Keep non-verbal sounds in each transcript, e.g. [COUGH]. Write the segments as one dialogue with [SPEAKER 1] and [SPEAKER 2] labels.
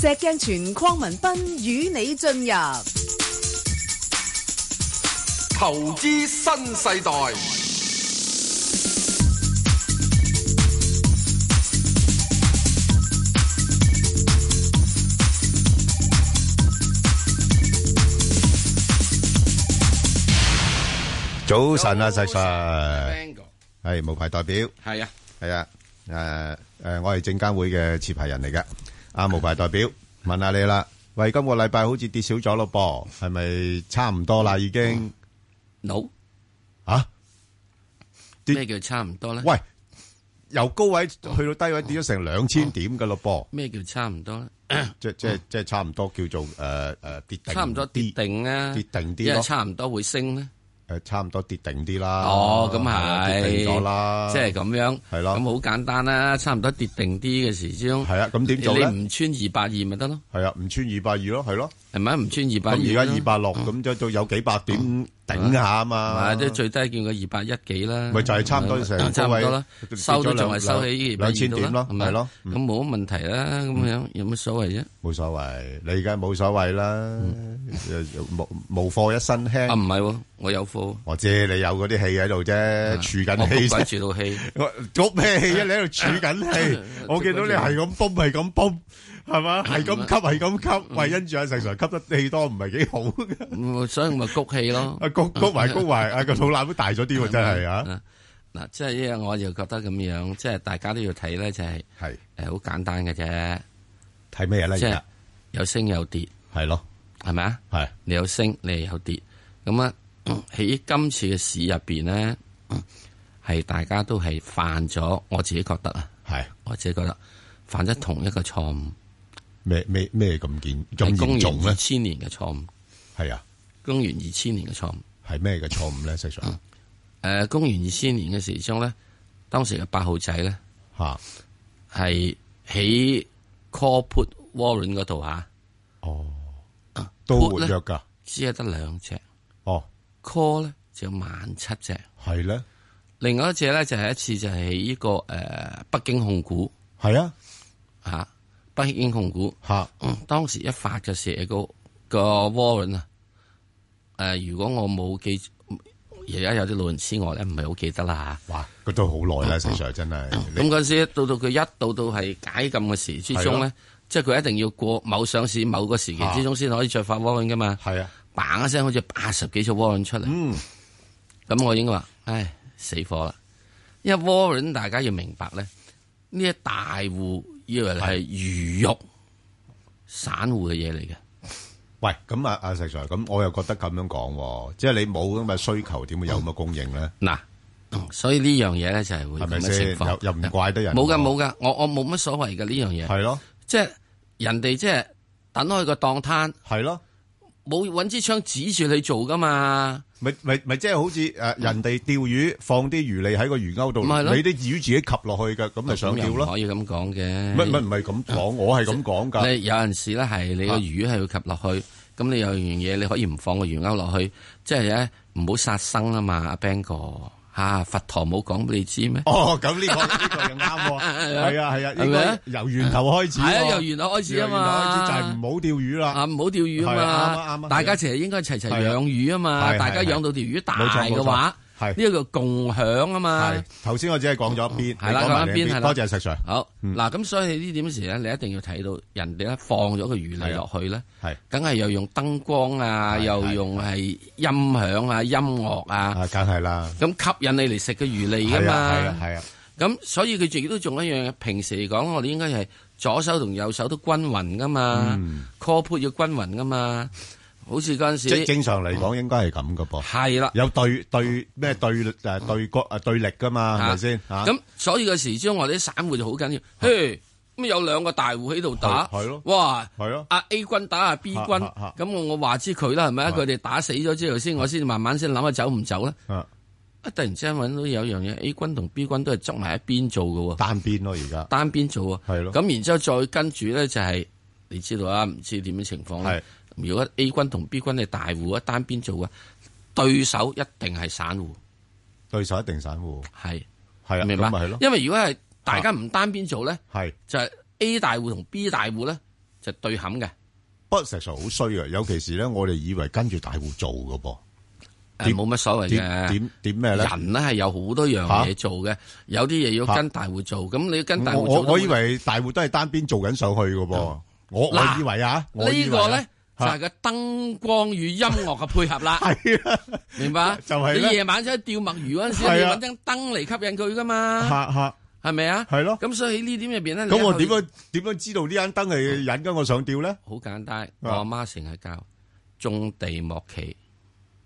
[SPEAKER 1] 石鏡泉、鄺文斌與你進入
[SPEAKER 2] 投資新世代。
[SPEAKER 3] 早晨啊，細細，係無牌代表，係啊，係啊，誒、啊、誒，我係證監會嘅持牌人嚟㗎。啊，無牌代表問下你啦，喂，今個禮拜好似跌少咗咯噃，係咪差唔多啦已經？no，吓，咩叫差唔多咧？喂，由高位去到低位跌咗成兩千點噶咯噃，咩
[SPEAKER 2] 叫差唔多咧？
[SPEAKER 3] 即即即差唔多叫做誒誒跌定，差唔多跌定啊，跌定啲咯，因為差唔多會升咧。誒，差唔多跌定啲啦。哦，咁、嗯、係是跌定咗啦。即係
[SPEAKER 2] 咁樣。係咯啦。咁好簡單啦、啊，差唔多跌定啲嘅時候。係啊，咁點做咧？唔穿二百二咪得咯。係啊，唔穿二百二咯，係咯、啊。係咪唔穿二百、嗯。二、嗯，而家二百六，
[SPEAKER 3] 咁就都有幾百點、嗯。頂下啊嘛，啲最
[SPEAKER 2] 低見過二百一幾啦，咪就係差唔多成個位，收都仲係收起二千點咯，唔係咯，咁
[SPEAKER 3] 冇乜問題啦，咁樣有乜所謂啫，冇所謂，你而家冇所謂啦，冇冇貨一身輕啊，唔係喎，我有貨，我知你有嗰啲氣喺度啫，儲緊氣，冇鬼儲到
[SPEAKER 2] 氣，做咩氣啊，你喺度儲
[SPEAKER 3] 緊氣，我見到你係咁崩，係咁崩。係嘛，係咁吸，係咁吸，為因住阿世常吸得氣多，唔係幾好噶，所以咪谷氣咯，谷谷埋谷埋，個肚腩都大咗啲，真係啊嗱，
[SPEAKER 2] 即係呢樣，我就覺得咁樣，即係大家都要睇咧，就係係誒，好簡單嘅啫。
[SPEAKER 3] 睇咩咧？即係
[SPEAKER 2] 有升有跌，係咯，係咪啊？係你有升，你有跌，咁啊喺今次嘅市入邊咧，係大家都係犯咗，我自己覺得啊，係我自己覺得犯咗同一個錯
[SPEAKER 3] 誤。咩咩咩咁健
[SPEAKER 2] 咁嚴重咧？二
[SPEAKER 3] 千年嘅錯誤
[SPEAKER 2] 係啊，公元二千年嘅錯誤係咩嘅錯誤咧？實際上，誒，公元二千年嘅時鐘咧，當時嘅八號仔咧吓，係喺 call put warrant 嗰度吓，哦，
[SPEAKER 3] 啊、都活躍噶，
[SPEAKER 2] 只係得兩隻，哦，call 咧就有萬七隻，係咧，另外一隻咧就係一次就係呢、這個誒、呃、北京控股，係啊，吓、啊。不興控股，吓、嗯，當時一發嘅時、那個個渦 n 啊，誒，如果我冇記，而家有啲亂之外咧，唔係好記得啦吓。哇，
[SPEAKER 3] 嗰都好耐啦，Sir，真係。咁嗰、嗯
[SPEAKER 2] 嗯、你時到到佢一到到係解禁嘅時之中咧，的即係佢一定要過某上市某個時期之中先可以再發渦輪噶嘛。係啊，bang 一聲好似八十幾隻渦輪出嚟。嗯，咁、嗯、我應該話，唉，死火啦！一渦輪大家要明白咧，呢一
[SPEAKER 3] 大戶。以為係魚肉的散戶嘅嘢嚟嘅。喂，咁阿阿石 Sir，咁我又覺得咁樣講，即係你冇咁嘅需求，點會有咁嘅供應咧？
[SPEAKER 2] 嗱、啊，啊、
[SPEAKER 3] 所以呢樣嘢咧就係會係咪先？又唔怪得人。冇噶冇噶，我我冇乜所謂噶呢樣嘢。係、這、咯、個，的即係人哋即係等開個檔攤。係咯。冇揾支槍指住你做噶嘛？咪咪咪，即係好似誒，人哋釣魚放啲魚餌喺個魚鈎度，嗯、你啲魚自己吸落去嘅，咁咪想要咯。可以咁講嘅，乜乜唔係咁講，我係咁講噶。有
[SPEAKER 2] 陣時咧係你個魚係要吸落去，咁、啊、你有樣嘢你可以唔放個魚鈎落去，即係咧唔好殺生啊嘛，阿 Ben 哥。啊！佛陀冇講俾你知咩？哦，咁呢
[SPEAKER 3] 個呢個就啱喎，係啊係啊，呢個
[SPEAKER 2] 由源頭開始，係啊由源頭開始啊嘛，源頭開始就係
[SPEAKER 3] 唔好釣魚啦，啊唔好釣魚啊嘛，大家
[SPEAKER 2] 其實應該齊齊養魚啊嘛，大家養到條魚大嘅話。
[SPEAKER 3] 係呢個叫共享啊嘛，頭先我只係講咗一邊，你講埋另一邊，多謝石 Sir。
[SPEAKER 2] 好，嗱咁所以呢點時咧，你一定要睇到人哋咧放咗個魚脷落去咧，係，梗係又用燈光啊，又用係音響啊，音樂啊，梗係啦。咁吸引你嚟食嘅魚脷啊嘛，係啊係啊。咁所以佢自己都仲一樣嘢，平時嚟講，我哋應該係左手同右手都均勻噶嘛，co 潑要均匀噶嘛。好似嗰陣時，即正常
[SPEAKER 3] 嚟講，應該係咁噶噃。係啦，有對對咩對誒對角誒對力噶嘛，係咪先？咁
[SPEAKER 2] 所以嘅時鐘我哋啲散戶就好緊要。嘿，咁有兩個大戶喺度打，係咯，哇，係咯，阿 A 軍打阿 B 軍，咁我我話知佢啦，係咪？佢哋打死咗之後先，我先慢慢先諗下走唔走咧。啊，突然之間搵到有樣嘢，A 軍同 B 軍都係執埋一邊做噶，單邊咯，而家單邊做啊，係咯。咁然之後再跟住咧就係，你知道啊，唔知點樣情況咧。如果 A 軍同 B 軍係大戶一單邊做啊，
[SPEAKER 3] 對手
[SPEAKER 2] 一定係散戶，
[SPEAKER 3] 對手一定散戶，係係啊，明白？
[SPEAKER 2] 因為如果係大家唔單邊做咧，係就係 A 大戶同 B 大戶咧就對冚嘅。
[SPEAKER 3] 不過實在好衰噶，尤其是咧，我哋以為跟住大戶做噶噃，冇乜所謂嘅。點點咩咧？人咧係有好多樣嘢
[SPEAKER 2] 做嘅，有啲嘢要跟大戶做，咁你要跟大戶，我我我以為
[SPEAKER 3] 大戶都係單邊做緊上去噶噃，我我以為啊，呢個咧。就係
[SPEAKER 2] 個燈光與音樂嘅配合啦，明白、 [LAUGHS] 啊？就係、是、你夜晚出去釣墨魚嗰陣時，啊、你搵張燈嚟吸引佢噶嘛？系
[SPEAKER 3] 系，係咪啊？係、啊、咯。咁嘍所以呢
[SPEAKER 2] 點入邊咧，咁我點樣
[SPEAKER 3] 點樣知道呢盞燈係引緊我上釣咧？好簡單，我阿媽成日教種地莫期，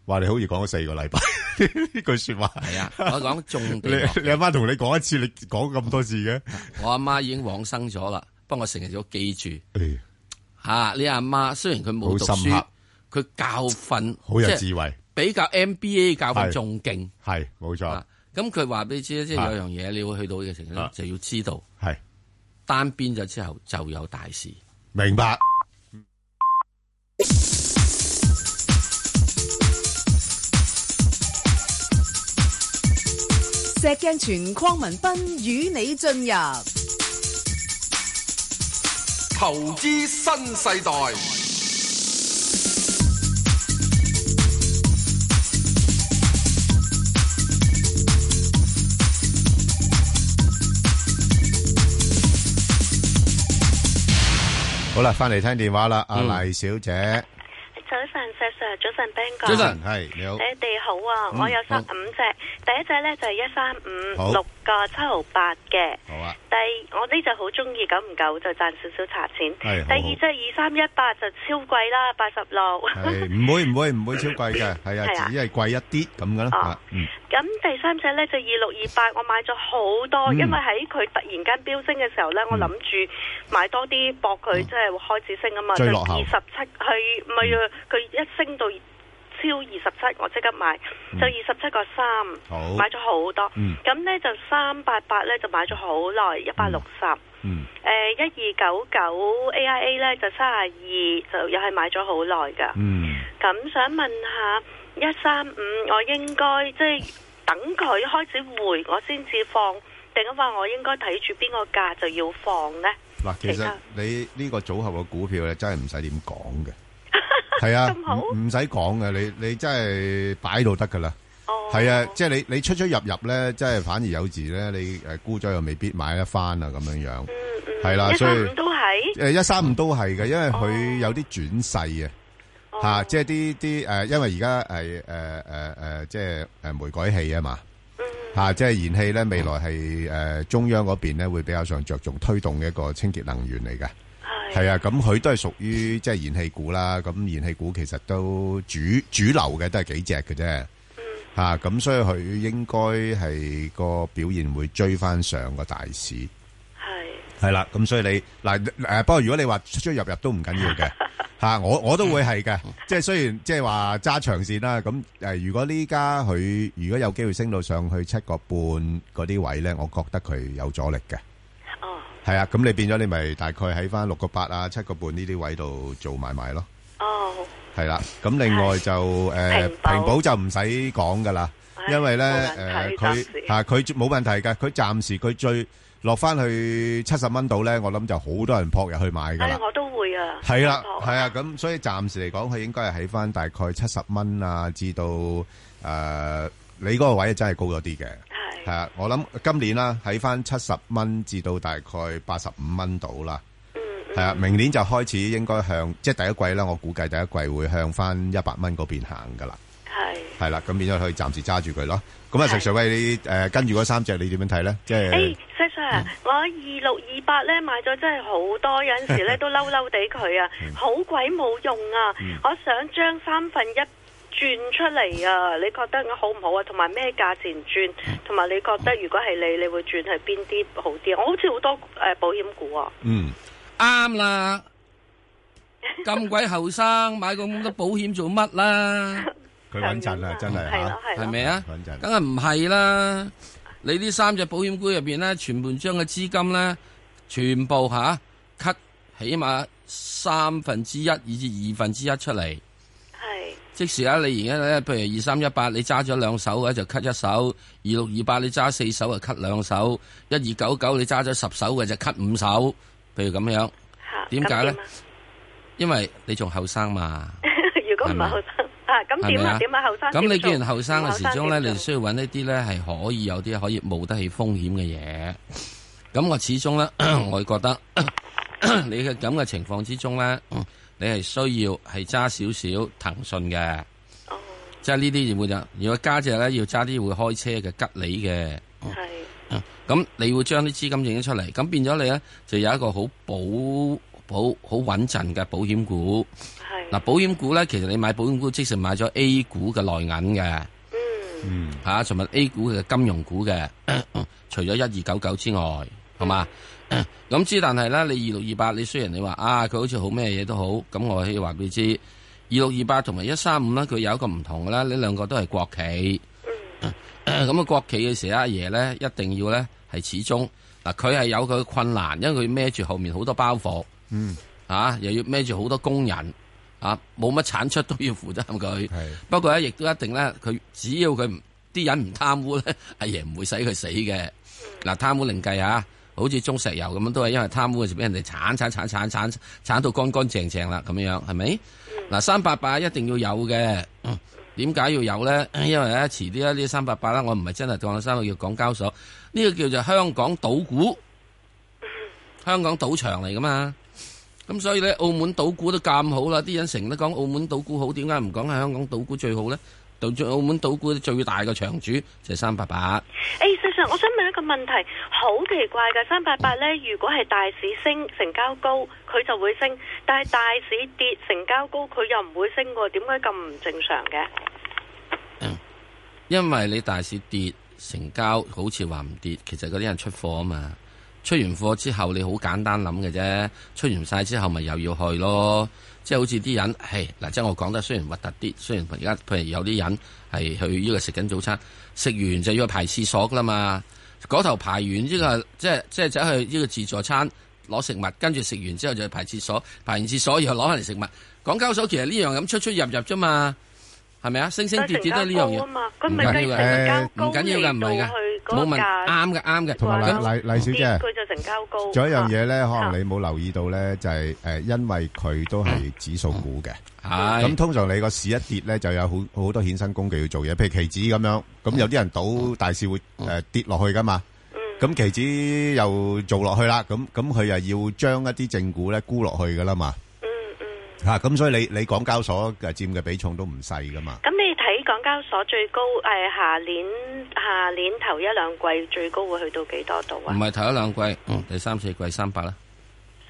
[SPEAKER 3] 話、啊、你好似講咗四個禮拜呢 [LAUGHS] 句說話。係啊，我講種地 [LAUGHS] 你。你阿媽同你講一次，你講咁多次嘅？
[SPEAKER 2] 我阿媽已經往生咗啦，不過我成日都記住。 [LAUGHS] [LAUGHS] 啊！你阿媽，媽雖然佢冇讀書，佢教訓好有智慧，比較 MBA 教訓仲勁。係冇錯。咁佢話俾你知即係有樣嘢，是你會去到呢個程度就要知道，係是單邊咗之後就有大
[SPEAKER 3] 事。明白。嗯、石鏡
[SPEAKER 1] 泉、匡文斌與你進入。
[SPEAKER 2] 投資新世代。
[SPEAKER 3] 好啦，翻嚟聽電話啦，阿黎、嗯、小姐。
[SPEAKER 4] 早晨，Sasha，早晨，Ben 哥，早晨，
[SPEAKER 3] 係你好，你哋
[SPEAKER 4] 好啊！我有三五隻，第一隻咧就係一三五六個七號八嘅，好啊。第我呢隻好中意，久唔久就賺少少茶錢。第二隻二三一八就超貴啦，八十六。
[SPEAKER 3] 唔會唔會唔會超貴嘅，係啊，只係貴一啲咁嘅啦。哦，
[SPEAKER 4] 咁第三隻咧就二六二八，我買咗好多，因為喺佢突然間飆升嘅時候咧，我諗住買多啲博佢即係開始升啊嘛，就二十七係唔啊？佢一升到超二十七，我即刻買，就二十七個三，買咗好多。咁、嗯、呢就三八八呢，就買咗好耐，一百六十。誒、呃，一二九九 AIA 呢，就三十二，就又係買咗好耐噶。咁想問下一三五，我應該即係等佢開始回，我先至放定啊？話我應該睇住邊個價就要放呢？
[SPEAKER 3] 嗱，其實你呢個組合嘅股票呢，真係唔使點講嘅。係啊，唔使講嘅，你你真係擺到得噶啦。係、oh. 啊，即、就、係、是、你你出出入入咧，即、就、係、是、反而有時咧，你誒沽咗又未必買得翻啊，咁樣樣。嗯嗯、mm。係、hmm. 啦、啊，所以一三五都係。
[SPEAKER 4] 誒、mm hmm. 嗯，一三
[SPEAKER 3] 五都係嘅，因為佢有啲轉勢啊。吓、啊，即係啲啲誒，因為而家係誒誒誒，即係誒煤改氣啊嘛。吓、mm，即、hmm. 係、啊就是、燃氣咧，未來係誒、啊、中央嗰邊咧會比較上着重推動嘅一個清潔能源嚟嘅。係啊，咁佢都係屬於即係燃氣股啦。咁燃氣股其實都主主流嘅，都係幾隻嘅啫。吓，咁所以佢應該係個表現會追翻上個大市。係係啦，咁所以你嗱誒，不過如果你話出出入入都唔緊要嘅吓，我我都會係嘅。即係雖然即係話揸長線啦，咁誒，如果呢家佢如果有機會升到上去七個半嗰啲位咧，我覺得佢有阻力嘅。係啊，咁你變咗你咪大概喺翻六個八啊、七個半呢啲位度做買賣咯。哦，係啦，咁另外就誒平保就唔使講噶啦，因為咧誒佢吓佢冇問題噶，佢暫時佢最落翻去七十蚊度咧，我諗就好多人撲入去買噶啦。係
[SPEAKER 4] 我都會啊。係啦，
[SPEAKER 3] 係啊，咁所以暫時嚟講，佢應該係喺翻大概七十蚊啊，至到誒你嗰個位真係高咗啲嘅。係啊，我諗今年啦，喺翻七十蚊至到大概八十五蚊度啦。嗯，係啊，明年就開始應該向即係第一季啦，我估計第一季會向翻一百蚊嗰邊行噶啦。係係啦，咁變咗可以暫時揸住佢咯。咁啊的，石 Sir 那 你誒、呃、跟住嗰三隻你點樣睇咧？即係誒，石、hey, Sir，,
[SPEAKER 4] Sir、嗯、我二六二八咧買咗真係好多，有陣時咧都嬲嬲地佢啊， [LAUGHS] 好鬼冇用啊！嗯、我想將三分一。轉出嚟啊！你覺得好唔好啊？同埋咩價錢轉？同埋你覺得如果係你，你會轉去邊啲好啲啊？我好似好多誒、呃、保險股啊。嗯，啱
[SPEAKER 2] 啦。咁鬼後生買咁多保險做乜啦、啊？佢穩陣啊，真係啊，係咪的啊？穩陣梗係唔係啦。你三呢三隻保險股入邊咧，全部將嘅資金咧，全部吓 cut、啊、起碼三分之一以至二,二,二,二分之一出嚟。即時啊！你而家咧，譬如二三一八，你揸咗兩手嘅就 cut 一手；二六二八，你揸四手就 cut 兩手；一二九九，你揸咗十手嘅就 cut 五手。譬如咁樣，
[SPEAKER 4] 點解咧？啊樣
[SPEAKER 2] 樣啊、因為你仲後生嘛。 [LAUGHS] 如
[SPEAKER 4] 果唔係後生啊，咁點啊點吧啊後生？咁、啊、你既然後生嘅時鐘咧，你
[SPEAKER 2] 需要揾一啲咧係可以有啲可以冒得起風險嘅嘢。咁我始終咧， [COUGHS] 我覺得 [COUGHS] [COUGHS] 你嘅咁嘅情況之中咧。 [COUGHS] 你係需要係揸少少騰訊嘅，oh. 即係呢啲就會有；如果加隻咧，要揸啲會開車嘅吉利嘅。係，咁你會將啲資金影咗出嚟，咁變咗你咧就有一個好保保好穩陣嘅保險股。係，嗱保險股咧，其實你買保險股即係買咗 A 股嘅內銀嘅。嗯、
[SPEAKER 4] mm.
[SPEAKER 2] 啊，嚇，同埋 A 股嘅金融股嘅、oh.，除咗一二九九之外，好嘛、mm.？ [MUSIC] 咁知，嗯、但係咧，你二六二八，你雖然你話啊，佢好似好咩嘢都好，咁我要話俾你知，二六二八同埋一三五咧，佢有一個唔同嘅啦，呢兩個都係國企。咁啊，國企嘅時阿爺咧，一定要咧係始終嗱，佢係有佢嘅困難，因為佢孭住後面好多包袱，嗯啊，又要孭住好多工人啊，冇乜產出都要負擔佢。係，不過咧亦都一定咧，佢只要佢唔，啲人唔貪污咧，阿爺唔會使佢死嘅。嗱、啊，貪污另計啊。啊好似中石油咁樣，都係因為貪污就俾人哋鏟鏟鏟鏟鏟鏟到乾乾淨淨啦，咁樣樣係咪？嗱，三八八一定要有嘅，點、嗯、解要有呢？因為咧，遲啲啦，呢三八八啦，我唔係真係講三八八，我叫港交所，呢、這個叫做香港賭股，香港賭場嚟噶嘛？咁所以呢，澳門賭股都咁好啦，啲人成日都講澳門賭股好，點解唔講係香港賭股最好呢？到咗澳門，賭股最大嘅場主就係三八八。
[SPEAKER 4] 誒、欸，事實上，我想問一個問題，好奇怪嘅，三八八呢，如果係大市升，成交高，佢就會升，但係大市跌，成交高，佢又唔會升喎，點解咁唔正常嘅？
[SPEAKER 2] 因為你大市跌，成交好似話唔跌，其實嗰啲人出貨啊嘛，出完貨之後，你好簡單諗嘅啫，出完晒之後，咪又要去咯。即係好似啲人係嗱，即係我講得雖然核突啲，雖然而家譬如有啲人係去呢個食緊早餐，食完就要去排廁所噶啦嘛，嗰頭排完呢個即係即係走去呢個自助餐攞食物，跟住食完之後就去排廁所，排完廁所以後攞翻嚟食物，港交所其實呢樣咁出出入入啫嘛。係咪啊？升
[SPEAKER 3] 升跌跌都係呢樣嘢。
[SPEAKER 4] 佢唔係誒唔緊要嘅，唔係噶。冇問啱嘅，
[SPEAKER 3] 啱嘅。同埋黎黎小姐，佢就成交高。仲有一樣嘢咧，可能你冇留意到咧，就係誒，因為佢都係指數股嘅。咁通常你個市一跌咧，就有好好多衍生工具要做嘢，譬如期指咁樣。咁有啲人賭大市會誒跌落去噶嘛。咁期指又做落去啦。咁咁佢又要將一啲正股咧沽落去噶啦嘛。吓，咁、啊、所以你你港交所嘅佔嘅比重都唔細㗎嘛？
[SPEAKER 4] 咁你睇港交所最高，誒、呃、下年下年頭一兩季最高會去到幾多度啊？
[SPEAKER 2] 唔係頭一兩季，嗯，第三四季三百啦。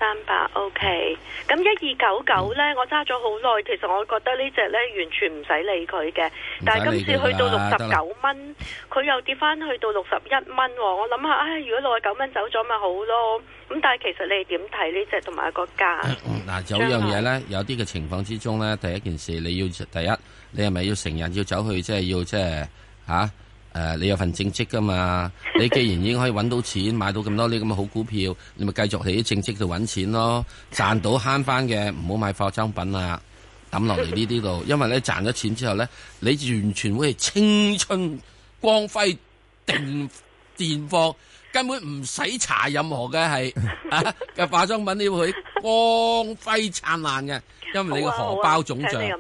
[SPEAKER 4] 三百 OK，咁一二九九呢，嗯、我揸咗好耐，其實我覺得呢隻呢，完全唔使理佢嘅。但係今次去到六十九蚊，佢了又跌翻去到六十一蚊，我諗下，唉、哎，如果六十九蚊走咗咪好咯？咁但係其實你點睇呢隻同埋個價？嗱、嗯嗯
[SPEAKER 2] 嗯，有樣嘢呢，有啲嘅情況之中呢，第一件事你要第一，你係咪要成日要走去即係要即係嚇？啊。誒，你有份正職噶嘛？你既然已經可以搵到錢，買到咁多呢咁嘅好股票，你咪繼續喺啲正職度搵錢咯。賺到慳翻嘅，唔好買化妝品啊，抌落嚟，呢啲度。因為咧，賺咗錢之後咧，你完全會係青春光輝電綻放，根本唔使搽任何嘅係嘅化妝品，你會光輝燦爛嘅。因為你個荷包腫脹啊，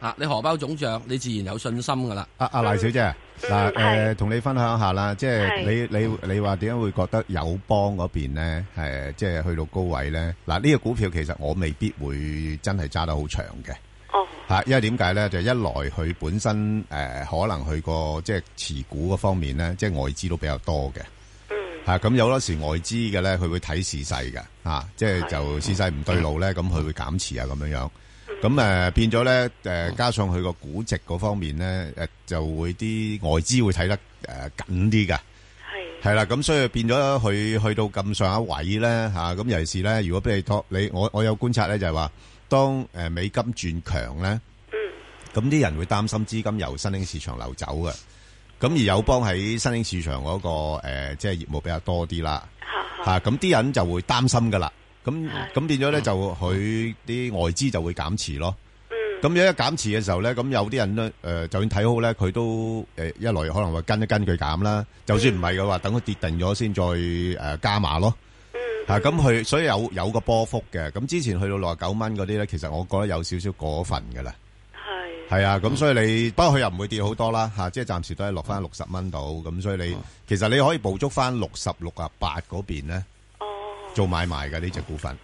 [SPEAKER 2] 啊，啊，你荷包腫脹，你自然有信心噶啦。
[SPEAKER 3] 阿阿黎小姐。嗱，誒、嗯，同你分享下啦，即、就、係、是、你是你你話點解會覺得友邦嗰邊咧，誒，即、就、係、是、去到高位咧？嗱、啊，呢、這個股票其實我未必會真係揸得好長嘅。哦，嚇，因為點解咧？就一來佢本身誒、呃，可能佢個即係持股嘅方面咧，即、就、係、是、外資都比較多嘅。嗯。嚇、啊，咁有好多時外資嘅咧，佢會睇時勢嘅，嚇、啊，即係就時、是、勢唔對路咧，咁佢、嗯嗯、會減持啊，咁樣樣。咁誒變咗咧誒，加上佢個估值嗰方面咧誒、呃，就會啲外資會睇得誒緊啲嘅，係係啦。咁的所以變咗佢去，去到咁上一位咧嚇，咁、啊、尤其是咧，如果譬如講你，你我我有觀察咧，就係話當誒、呃、美金轉強咧，嗯，咁啲人會擔心資金由新興市場流走嘅。咁而友邦喺新興市場嗰、那個、呃、即係業務比較多啲啦，嚇、啊。咁啲人就會擔心噶啦。咁咁變咗咧，就佢啲外資就會減持咯。咁樣一減持嘅時候咧，咁有啲人咧，誒就算睇好咧，佢都誒一來可能會跟一跟佢減啦。就算唔係嘅話，等佢跌定咗先再誒加碼咯。嚇，咁佢所以有有個波幅嘅。咁之前去到六十九蚊嗰啲咧，其實我覺得有少少過份㗎喇。係係啊，咁所以你，不過佢又唔會跌好多啦嚇，即係暫時都係落翻六十蚊度。咁所以你其實你可以捕捉翻六十六啊八嗰邊咧。做買賣嘅呢隻股份，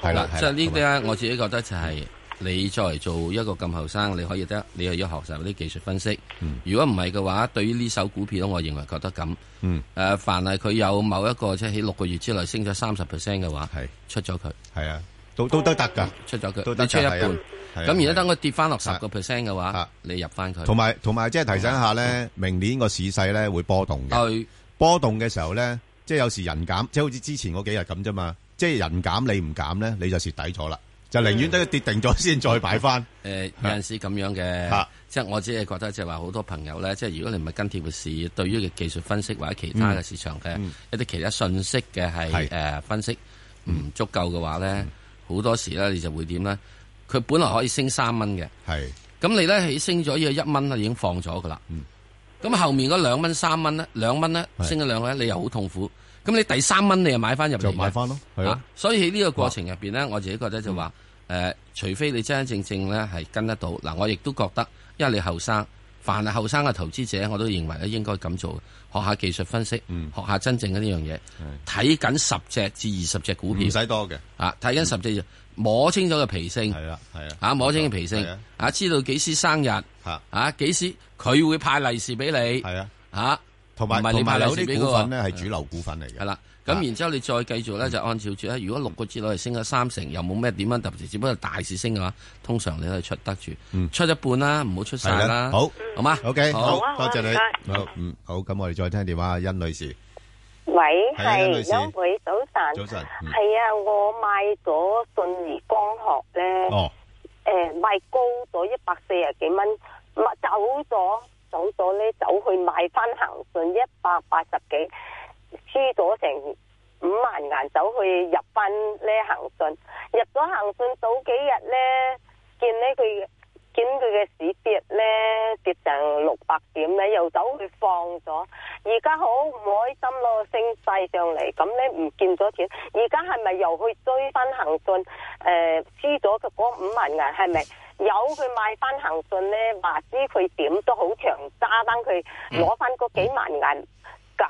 [SPEAKER 3] 係啦，即係呢
[SPEAKER 2] 啲咧，我自己覺得就係你作為做一個咁後生，你可以得，你又要學習啲技術分析。如果唔係嘅話，對於呢首股票我認為覺得咁。誒，凡係佢有某一個即係喺六個月之內升咗三十 percent 嘅話，係出咗佢。係啊，都都都得㗎，出咗佢，你出一半。咁而家等佢跌翻落十個 percent 嘅話，你入翻佢。同埋同
[SPEAKER 3] 埋，即係提醒下咧，明年個市勢咧會波動嘅，波動嘅時候咧。即係有時人減，即係好似之前嗰幾日咁啫嘛。即係人減，你唔減咧，你就蝕底咗啦。就寧願等佢跌定咗先，再擺翻。
[SPEAKER 2] 誒、嗯，有陣時咁樣嘅，啊、即係我只係覺得，即係話好多朋友咧，即係如果你唔係跟貼嘅市，對於嘅技術分析或者其他嘅市場嘅、嗯嗯、一啲其他信息嘅係誒分析唔足夠嘅話咧，好、嗯、多時咧你就會點咧？佢本來可以升三蚊嘅，係咁是你咧起升咗要一蚊啊，已經放咗噶啦。嗯。咁啊，後面嗰兩蚊、三蚊咧，兩蚊咧升咗兩蚊，你又好痛苦。咁你第三蚊，你又買翻入嚟，就買翻咯。係啊，所以喺呢個過程入邊咧，我自己覺得就話，誒，除非你真真正正咧係跟得到。嗱，我亦都覺得，因為你後生，凡係後生嘅投資者，我都認為咧應該咁做，學下技術分析，學下真正嘅呢樣嘢，睇緊十隻至二十隻股票，唔使多嘅。啊，睇緊十隻，摸清楚個脾性，係啦，係啊，摸清楚脾性，啊，知道幾時生日。啊！幾時佢會派利是俾你？係啊！吓，同埋你派利是俾個股份
[SPEAKER 3] 咧，係主流股份嚟嘅。係啦，
[SPEAKER 2] 咁然之後你再繼續咧，就按照住咧。如果六個字內升咗三成，又冇咩點樣特別，只不過大市升嘅話，通常你可以出得住，出一半啦，唔好出
[SPEAKER 3] 晒啦。好，好嗎？OK，好多謝你。好，嗯，好，咁我哋再聽電話，殷女士。喂，係女士，早晨，早晨，係啊，我買咗信而光學咧，誒，賣
[SPEAKER 1] 高咗一百四十幾蚊。走咗，走咗呢，走去買翻恒順一百八十幾，輸咗成五萬銀，走去入翻呢恒順，入咗恒順早幾日呢，見呢，佢，見佢嘅市跌呢，跌成六百點咧，又走去放咗，而家好唔開心咯，升晒上嚟。咁咧唔見咗錢，而家係咪又去追翻恒順？誒、呃，輸咗嗰五萬銀係咪？是有佢賣翻恒信咧，話知佢點都好長揸翻佢，攞翻嗰幾萬銀，咁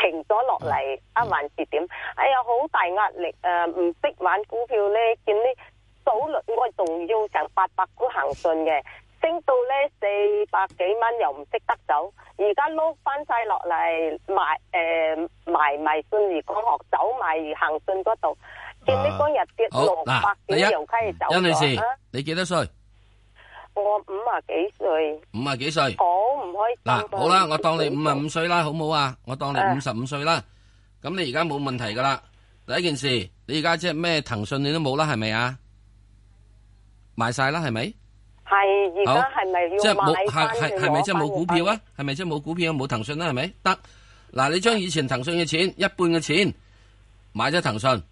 [SPEAKER 1] 停咗落嚟，啊還是點？哎呀，好大壓力啊！唔識玩股票咧，見呢早輪，我仲要成八百股恒信嘅，升到咧四百幾蚊又唔識得走，而家撈翻晒落嚟賣誒賣咪算，而講學走咪恒信嗰度。
[SPEAKER 2] 嗱，殷女士，你幾多歲？
[SPEAKER 1] 我五
[SPEAKER 2] 啊幾歲。五啊幾歲？好
[SPEAKER 1] 唔開心。嗱，
[SPEAKER 2] 好啦，我當你五啊五歲啦，好唔好啊？我當你五十五歲啦。咁你而家冇問題噶啦。第一件事，你而家即係咩？騰訊你都冇啦，係咪啊？賣晒啦，係咪？
[SPEAKER 1] 係而家係咪要買翻佢？即係冇，係係係咪即係冇股票啊？
[SPEAKER 2] 係咪即係冇股票都冇騰訊啦？係咪得？嗱，你將以前騰訊嘅錢，一半嘅錢買咗騰訊。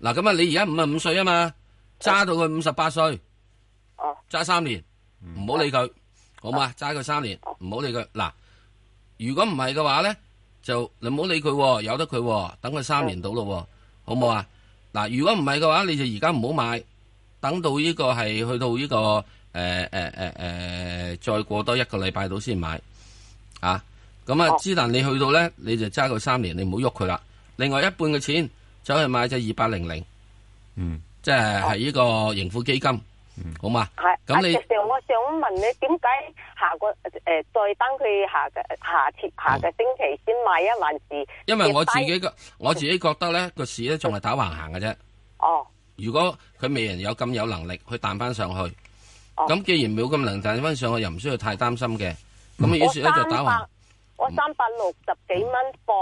[SPEAKER 2] 嗱，咁啊，你而家五啊五歲啊嘛，揸到佢五十八歲，揸三年，唔好理佢，好嘛？揸佢三年，唔好理佢。嗱、啊，如果唔係嘅話咧，就你唔好理佢，由得佢、啊，等佢三年到咯、啊，好唔好啊？嗱，如果唔係嘅話，你就而家唔好買，等到呢個係去到呢、呢個誒誒誒誒，再過多一個禮拜到先買，啊，咁啊，之但你去到咧，你就揸佢三年，你唔好喐佢啦。另外一半嘅錢。走去買隻二八零零，嗯，即係係呢個盈富基金，好嘛？係、嗯，咁你。其實
[SPEAKER 1] 我想問你，點解下個誒、呃，再等佢下個下次下個星期先買一萬字？因為我自己
[SPEAKER 2] 個，我自己覺得咧，個市咧仲係打橫行嘅啫、嗯。哦。如果佢未人有咁有能力去彈翻上去，咁既然冇咁能彈翻上去，又唔需要太擔心嘅。咁，於是咧就打橫。
[SPEAKER 1] 我三百六十幾蚊放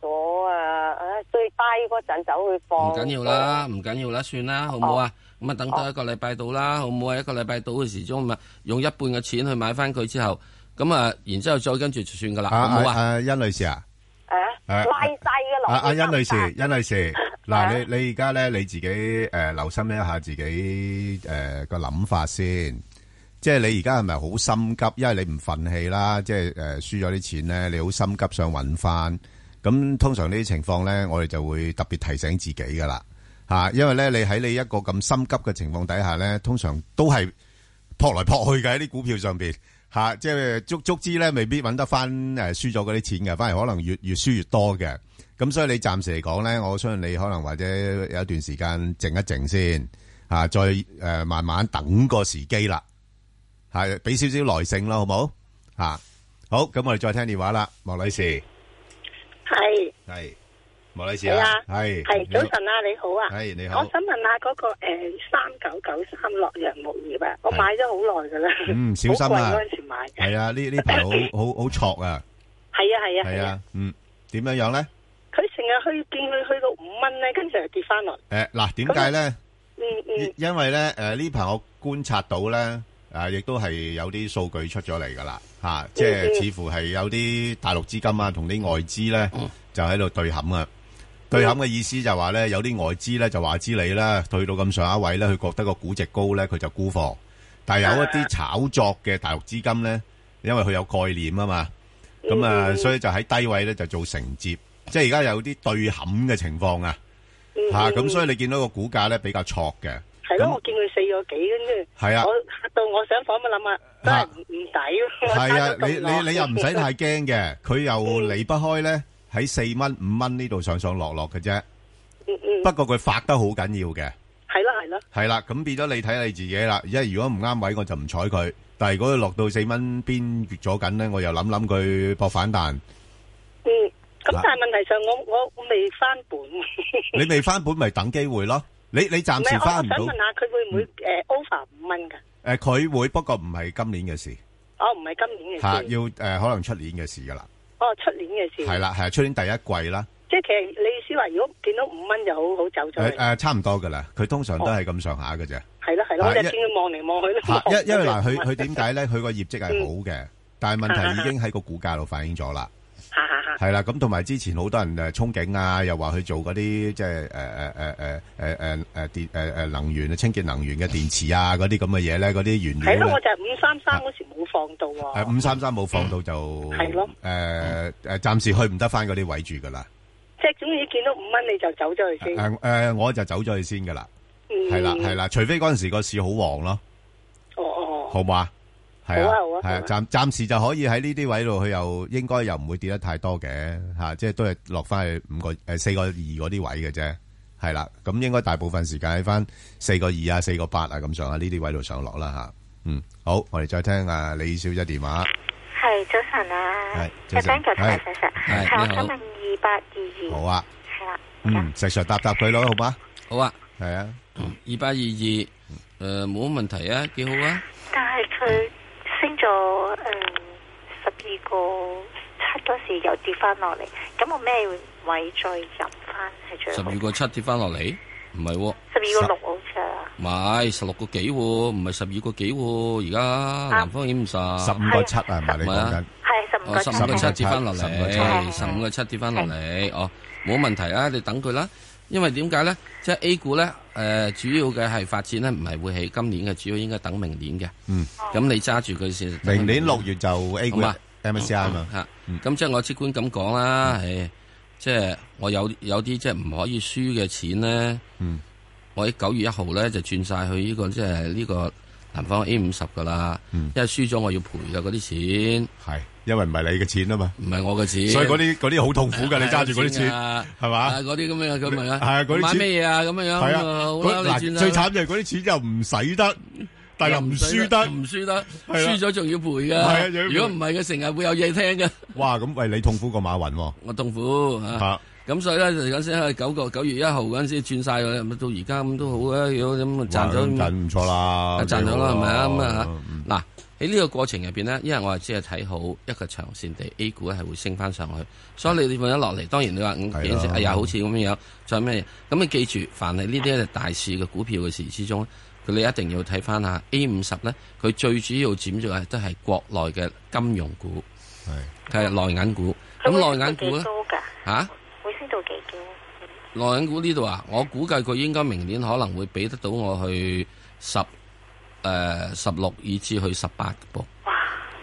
[SPEAKER 1] 咗啊！啊、嗯、最低嗰陣走去放，唔緊要啦，
[SPEAKER 2] 唔緊要啦，算啦，好唔好啊？咁啊、哦，嗯、等到一個禮拜到啦，好唔好啊？一個禮拜到嘅時鐘，咪用一半嘅錢去買翻佢之後，咁啊，然之後再跟住就算噶啦，好唔好啊？誒、
[SPEAKER 3] 啊，殷、啊、女士啊，誒、啊，拉細嘅羅，阿阿殷女士，殷女士，嗱， [LAUGHS] 你你而家咧你自己誒、呃、留心一下自己誒、呃、個諗法先。即係你而家係咪好心急？因為你唔忿氣啦，即係誒，輸咗啲錢咧，你好心急想搵翻。咁通常呢啲情況咧，我哋就會特別提醒自己噶啦吓，因為咧你喺你一個咁心急嘅情況底下咧，通常都係撲來撲去嘅喺啲股票上邊吓、啊，即係足足之咧，未必搵得翻誒，輸咗嗰啲錢噶，反而可能越越輸越多嘅。咁所以你暫時嚟講咧，我相信你可能或者有一段時間靜一靜先吓、啊，再誒、呃、慢慢等個時機啦。係俾少少耐性咯，好唔好？吓好，咁我哋再聽電話啦，莫女士。係係，莫女士啊，係係早晨啊，你好啊，
[SPEAKER 1] 係你好。我想問下嗰個誒三九九三洛陽鉬業啊，我買咗好耐噶啦，嗯，小心啊，嗰陣時買嘅。係啊，呢呢盤好好好挫啊。係啊係啊係啊，
[SPEAKER 3] 嗯，點樣樣咧？
[SPEAKER 1] 佢成日去見佢去到五蚊咧，跟住又跌翻
[SPEAKER 3] 落。誒嗱，點解咧？嗯嗯。因為咧，誒呢盤我觀察到咧。誒、啊，亦都係有啲數據出咗嚟噶啦，吓、啊，即係似乎係有啲大陸資金啊，同啲外資呢，就喺度對冚啊，
[SPEAKER 4] 對冚嘅意
[SPEAKER 3] 思就話呢，有啲外資呢就話知你啦，去到咁上下位呢，佢覺得個估值高呢，佢就沽貨。但係有一啲炒作嘅大陸資金呢，因為佢有概念啊嘛，咁啊，嗯、所以就喺低位呢就做承接。即係而家有啲對冚嘅情況啊，吓，咁所以你見到個股價呢比較挫嘅。
[SPEAKER 1] 係咯，我見佢四
[SPEAKER 3] 個幾，跟住
[SPEAKER 4] 係啊，我嚇到，我想房咁諗啊，真係唔唔抵。係啊，你你你又唔使太驚
[SPEAKER 3] 嘅，佢又離不開咧喺四蚊五蚊呢度上上落落嘅啫。嗯嗯。不過佢發得好緊要嘅。
[SPEAKER 4] 係
[SPEAKER 3] 咯，係咯。係啦，咁變咗你睇你自己啦。而家如果唔啱位，我就唔睬佢。但係如果佢落到四蚊邊跌咗緊咧，我又諗諗佢搏反彈。嗯，咁但係問
[SPEAKER 1] 題上，我我未翻本。你未翻
[SPEAKER 3] 本，咪等機會咯。你你暫時翻唔到。唔係，我想問下佢會唔會誒
[SPEAKER 1] over 五
[SPEAKER 3] 蚊嘅？誒佢會，不過唔係今年嘅事。
[SPEAKER 1] 哦，唔係今年嘅事。嚇！
[SPEAKER 3] 要誒，可能出年嘅事噶啦。
[SPEAKER 1] 哦，出年嘅事。係啦，係
[SPEAKER 3] 啊，出年第一季啦。即
[SPEAKER 1] 係其實你意思話，如果見到五蚊就好好走咗。
[SPEAKER 3] 誒誒，差唔多㗎啦。佢通常都係咁上下㗎啫。係咯係咯，即係天天
[SPEAKER 1] 望嚟望去都。嚇！一因為嗱，佢佢點解
[SPEAKER 3] 咧？佢個業績係好嘅，但係問題已經喺個股價度反映咗啦。係啦，咁同埋之前好多人誒憧憬啊，又話去做嗰啲即係誒誒誒誒誒誒誒誒能源清潔能源嘅電池啊，嗰啲咁嘅嘢咧，嗰啲元素係咯，我就係五三
[SPEAKER 1] 三嗰時冇放到，誒
[SPEAKER 3] 五三三冇放到就係咯，誒誒暫時去唔得翻嗰啲位住噶啦，即係，嗯啊，總
[SPEAKER 1] 之見到五蚊你就
[SPEAKER 3] 走咗去先，誒、啊啊啊，我就走咗去先噶啦，係啦係啦，除非嗰陣時個市好旺咯，哦哦，好嘛？係啊，暫暫時就可以喺呢啲位度，佢又應該又唔會跌得太多嘅，吓，即係都係落翻去五個誒四個二嗰啲位嘅啫，係啦，咁應該大部分時間喺翻四個二啊，四個八啊咁上下呢啲位度上落啦吓。嗯，好，我哋再聽啊李小姐電話。係早晨啊，係早晨，係早晨，二八二二。好啊。係啦。嗯，石石答答佢咯，好嘛？好啊。係啊。
[SPEAKER 2] 二八二二，誒，冇乜問題啊，幾好啊。但係佢。
[SPEAKER 4] 做嗯十二
[SPEAKER 2] 個七嗰時又跌翻落嚟，咁我咩位再入翻係最？十二個七跌翻落嚟？唔係喎，十二個六好似啊，唔係十六個幾，唔係十二個幾，而家南方
[SPEAKER 4] 險唔十十五個七啊？唔係你講緊，係十五個七跌翻落嚟，十
[SPEAKER 2] 五個七跌翻落嚟，哦，冇問題啊，你等佢啦，因為點解咧？即係 A 股咧。誒、呃，主要嘅係發展咧，唔係會喺今年嘅，主要應該等明年嘅。嗯，咁你揸住佢
[SPEAKER 3] 先。明年六月就 A 股 MSCI 嘛？吓，咁即
[SPEAKER 2] 係我即管咁講啦，係即係我有有啲即係唔可以輸嘅錢咧。嗯，我喺九月一號咧就轉晒去呢、這個即係呢個南方 A 五十噶啦。嗯、因為輸咗我要賠嘅嗰啲錢係。因為唔係你嘅錢啊嘛，唔係我嘅錢，所以嗰啲嗰啲好痛
[SPEAKER 3] 苦嘅，你揸住嗰啲錢係嘛，嗰啲
[SPEAKER 2] 咁樣咁咪啊，買咩嘢啊咁樣樣，最慘
[SPEAKER 3] 就係嗰啲錢又唔使得，但又唔輸得，唔
[SPEAKER 2] 輸得，輸咗
[SPEAKER 3] 仲要賠嘅。如果唔係佢成日會有嘢聽嘅。哇，咁喂，你痛苦過馬雲？我痛
[SPEAKER 2] 苦啊！咁所以咧，嚟緊先九個九月一號嗰陣先轉晒，到而家咁都好啊，如果咁啊賺咗，賺唔錯啦，賺咗啦，係咪啊？咁啊，嗱。喺呢個過程入邊呢，因為我哋只係睇好一個長線地 A 股咧係會升翻上去，的所以你哋放咗落嚟，當然你話五的、嗯、哎呀好似咁樣樣，做咩嘢？咁你記住，凡係呢啲係大市嘅股票嘅事之中，佢哋一定要睇翻下 A 五十呢，佢最主要佔咗係都係國內嘅金融股，係，係內銀股，咁內銀股咧
[SPEAKER 4] 吓，會升到
[SPEAKER 2] 幾多？內銀股呢度啊，啊的我估計佢應該明年可能會俾得到我去十。誒，十六以至去十八嘅
[SPEAKER 3] 噃，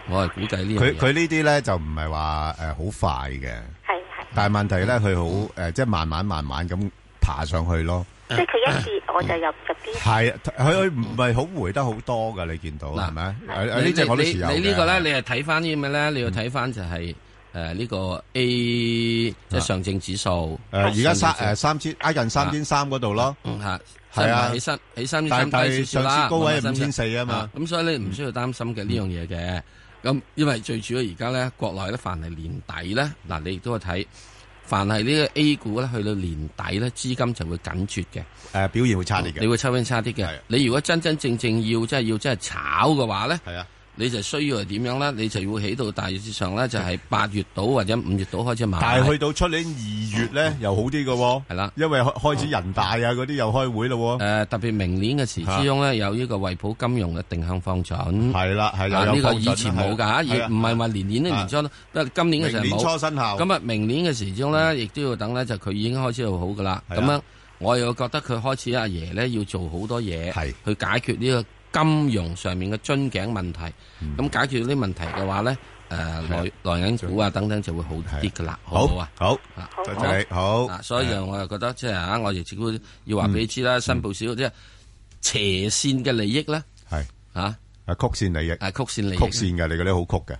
[SPEAKER 3] 我係估計呢。佢佢呢啲咧就唔係話誒好快嘅，係係。但係問題咧，佢好誒，即係慢慢慢慢咁爬上去咯。即係佢一次我就入入邊。係，佢佢唔係好回得好多噶，你見到係咪？呢隻我都有。你呢個咧，
[SPEAKER 2] 你係睇翻啲咩咧？你要睇翻就係誒呢個 A 即係上證指數，而家三誒三
[SPEAKER 3] 千挨近三千
[SPEAKER 2] 三嗰度咯。吓。係啊，起身起身，低低少少啦。上次高位又唔見四啊嘛，咁所以你唔需要擔心嘅呢樣嘢嘅。咁、嗯、因為最主要而家咧，國內咧，凡係年底咧，嗱、啊，你亦都去睇，凡係呢 A 股咧，去到年底咧，資金就會緊絀嘅，
[SPEAKER 3] 誒、呃，表現會差
[SPEAKER 2] 啲嘅，你會抽煙差啲嘅，啊、你如果真真正正，正要即係要即係炒嘅話咧，係啊。你就需要係點樣咧？你就要起到大致上咧，就係八月度或者五月度開始買。但係去到
[SPEAKER 3] 出年二月咧，又好啲嘅喎。係啦，因為開始人大啊嗰啲又開會咯。誒，特別明年嘅時之中
[SPEAKER 2] 咧，有呢個惠普金融嘅定向放準。係啦，係啦，呢個以前冇㗎，而唔係話年年都年初都，今年嘅時候冇。年初生效。咁啊，明年嘅時中咧，亦都要等咧，就佢已經開始又好嘅啦。咁樣我又覺得佢開始阿爺咧，要做好多嘢去解決呢個金融上面嘅樽頸問題，咁解決啲問題嘅話咧，誒，內內銀股啊等等就會好啲噶啦，好唔好啊？好，多謝好。所以就我又覺得即係吓，我亦似乎要話俾你知啦，申報少即係斜綫嘅利益咧，
[SPEAKER 3] 係吓啊，曲綫利益啊，曲綫利益，曲綫嘅你嗰啲好曲嘅，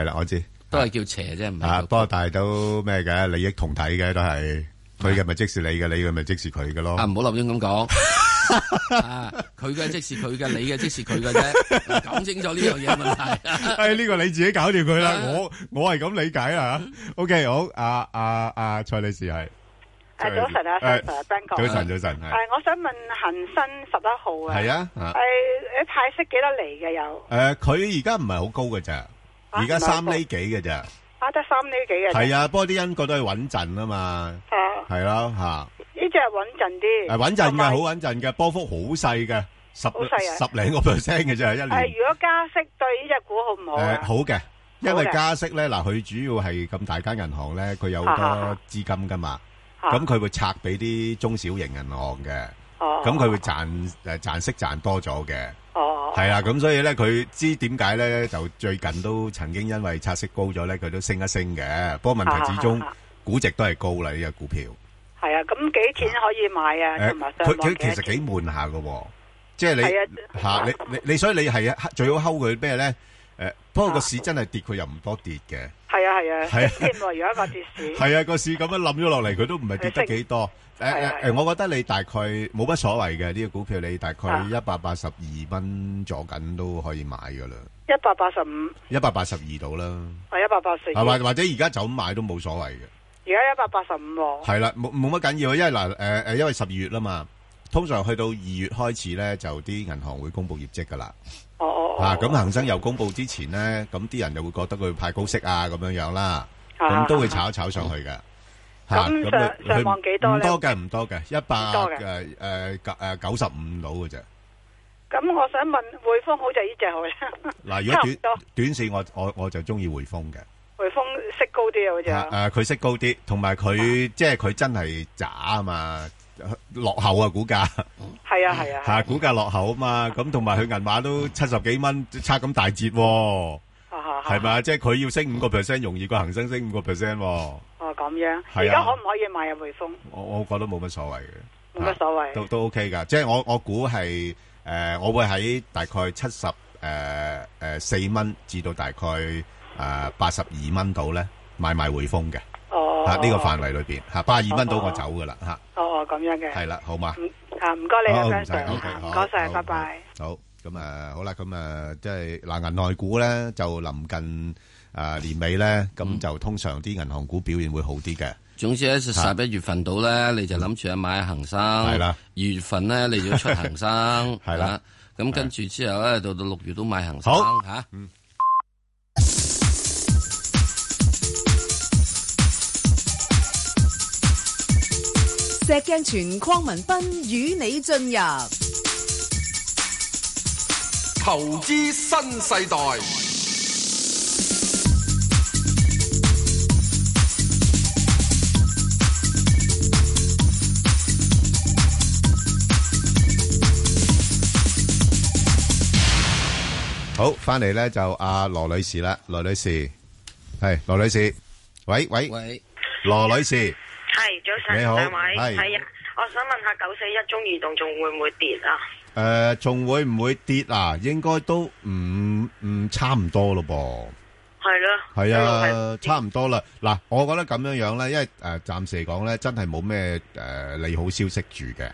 [SPEAKER 3] 係啦，我知，都
[SPEAKER 2] 係叫斜啫，唔係。啊，
[SPEAKER 3] 不過大都咩嘅利益同體嘅都係，佢嘅咪即是你嘅，你嘅咪即是佢嘅咯。啊，唔好立亂咁講。
[SPEAKER 2] 啊！佢嘅即是佢嘅，你嘅即是佢嘅啫。講清楚呢樣嘢
[SPEAKER 3] 問題。誒，呢個你自己搞掂佢啦。我我係咁理解啊。OK，好。阿阿阿蔡女士係。早晨啊，早晨，Ben 哥。
[SPEAKER 4] 早
[SPEAKER 1] 晨，早晨。誒，我想問恒生十一
[SPEAKER 3] 號啊。係啊。誒，誒，派息幾多厘嘅有？誒，佢而家唔係好高嘅咋。而家三厘幾嘅咋？
[SPEAKER 4] 得三厘幾嘅。係啊，
[SPEAKER 3] 不過啲人覺得佢穩陣啊嘛。係。係咯，吓。呢隻係穩陣啲，係穩陣噶，好穩陣噶，波幅好細嘅，十十零個 percent 嘅啫，一年。誒，如果加息對呢隻股好唔好？好嘅，因為加息咧，嗱，佢主要係咁大間銀行咧，佢有好多資金噶嘛，咁佢會拆俾啲中小型銀行嘅，咁佢會賺誒賺息賺多咗嘅，係啦，咁所以咧佢知點解咧，就最近都曾經因為拆息高咗咧，佢都升一升嘅，不過問題始終估值都係高啦呢隻股票。
[SPEAKER 4] 係啊，咁、嗯、幾錢可以買啊？佢其實幾
[SPEAKER 3] 悶下嘅，即係、啊啊、你吓你你所以你係啊最好 hold 佢咩咧？誒、啊，不過個市真係跌，佢又唔多跌嘅。
[SPEAKER 4] 係啊係啊，先話
[SPEAKER 3] 有一個跌市。係 [LAUGHS] 啊，個市咁樣冧咗落嚟，佢都唔係跌得幾多。誒誒我覺得你大概冇乜所謂嘅呢個股票，你大概一百八十二蚊左緊都可以買噶啦。一百八十五，一百八十二度啦，係
[SPEAKER 4] 一百八十四，或或者而
[SPEAKER 3] 家就咁買都冇所謂嘅。而家一百八十五喎。係啦、哦，冇冇乜緊要，因為嗱，誒、呃、誒、呃，因為十二月啦嘛，通常去到二月開始咧，就啲銀行會公布業績噶啦。哦
[SPEAKER 4] 哦,
[SPEAKER 1] 哦哦。吓、啊，咁
[SPEAKER 3] 恒生又公布之前咧，咁啲人就會覺得佢派高息啊，咁樣、啊、樣啦，咁都會炒一炒上去嘅。吓咁上上望幾他多咧？唔多嘅，唔多嘅，一百誒誒九誒九十五到嘅啫。咁、呃啊、我想問匯豐，好就呢隻好嘅。嗱 [LAUGHS] [LAUGHS] 如果短短線，我我我就中意匯豐嘅。匯豐息高啲啊，嗰隻啊！誒，佢息高啲，同埋佢即係佢真係渣啊嘛，落後啊股價。係啊
[SPEAKER 4] 係啊係啊。吓，
[SPEAKER 3] 股價落後啊嘛，咁同埋佢銀碼都七十幾蚊，差咁大截，
[SPEAKER 4] 係嘛？
[SPEAKER 3] 即係佢要升五個 percent 容易過恒生升五個 percent。哦，咁樣，
[SPEAKER 4] 而家可唔可以買
[SPEAKER 1] 入匯
[SPEAKER 3] 豐？我我覺得冇乜所謂嘅，冇乜所謂。都都 OK 噶，即係我我估係誒，我會喺大概七十誒誒四蚊至到大概。誒，八十二蚊到咧，買埋匯豐嘅，
[SPEAKER 4] 吓呢個範
[SPEAKER 3] 圍裏邊吓，八十二蚊到我走噶啦吓。哦，咁樣嘅。係啦，好嘛。
[SPEAKER 4] 啊，唔該你阿張常，唔該晒，拜拜。
[SPEAKER 3] 好，咁啊，好啦，咁啊，即係嗱，銀行股咧，就臨近誒年尾咧，咁就通常啲銀行股表現會好啲嘅。總之喺十一月
[SPEAKER 2] 份到咧，你就諗住去買恆生係啦。二月份咧，你要出恆生係啦。咁跟住之後咧，到到六月都買恆生吓。嗯。
[SPEAKER 1] 石鏡泉鄺文斌與你進入
[SPEAKER 2] 投資新世代。
[SPEAKER 3] 好，翻嚟咧就阿羅、啊、女士啦，羅女士係羅女士，喂喂喂，羅喂女士。
[SPEAKER 1] 係，早晨，係好位。係啊，我想問下九四一中
[SPEAKER 3] 移動仲會唔會跌啊？誒、呃，仲會唔會跌啊？應該都唔唔差唔多咯噃。係咯。係啊，差唔多啦。嗱，我覺得咁樣樣咧，因為誒，暫、呃、時嚟講咧，真係冇咩誒利好消息住嘅。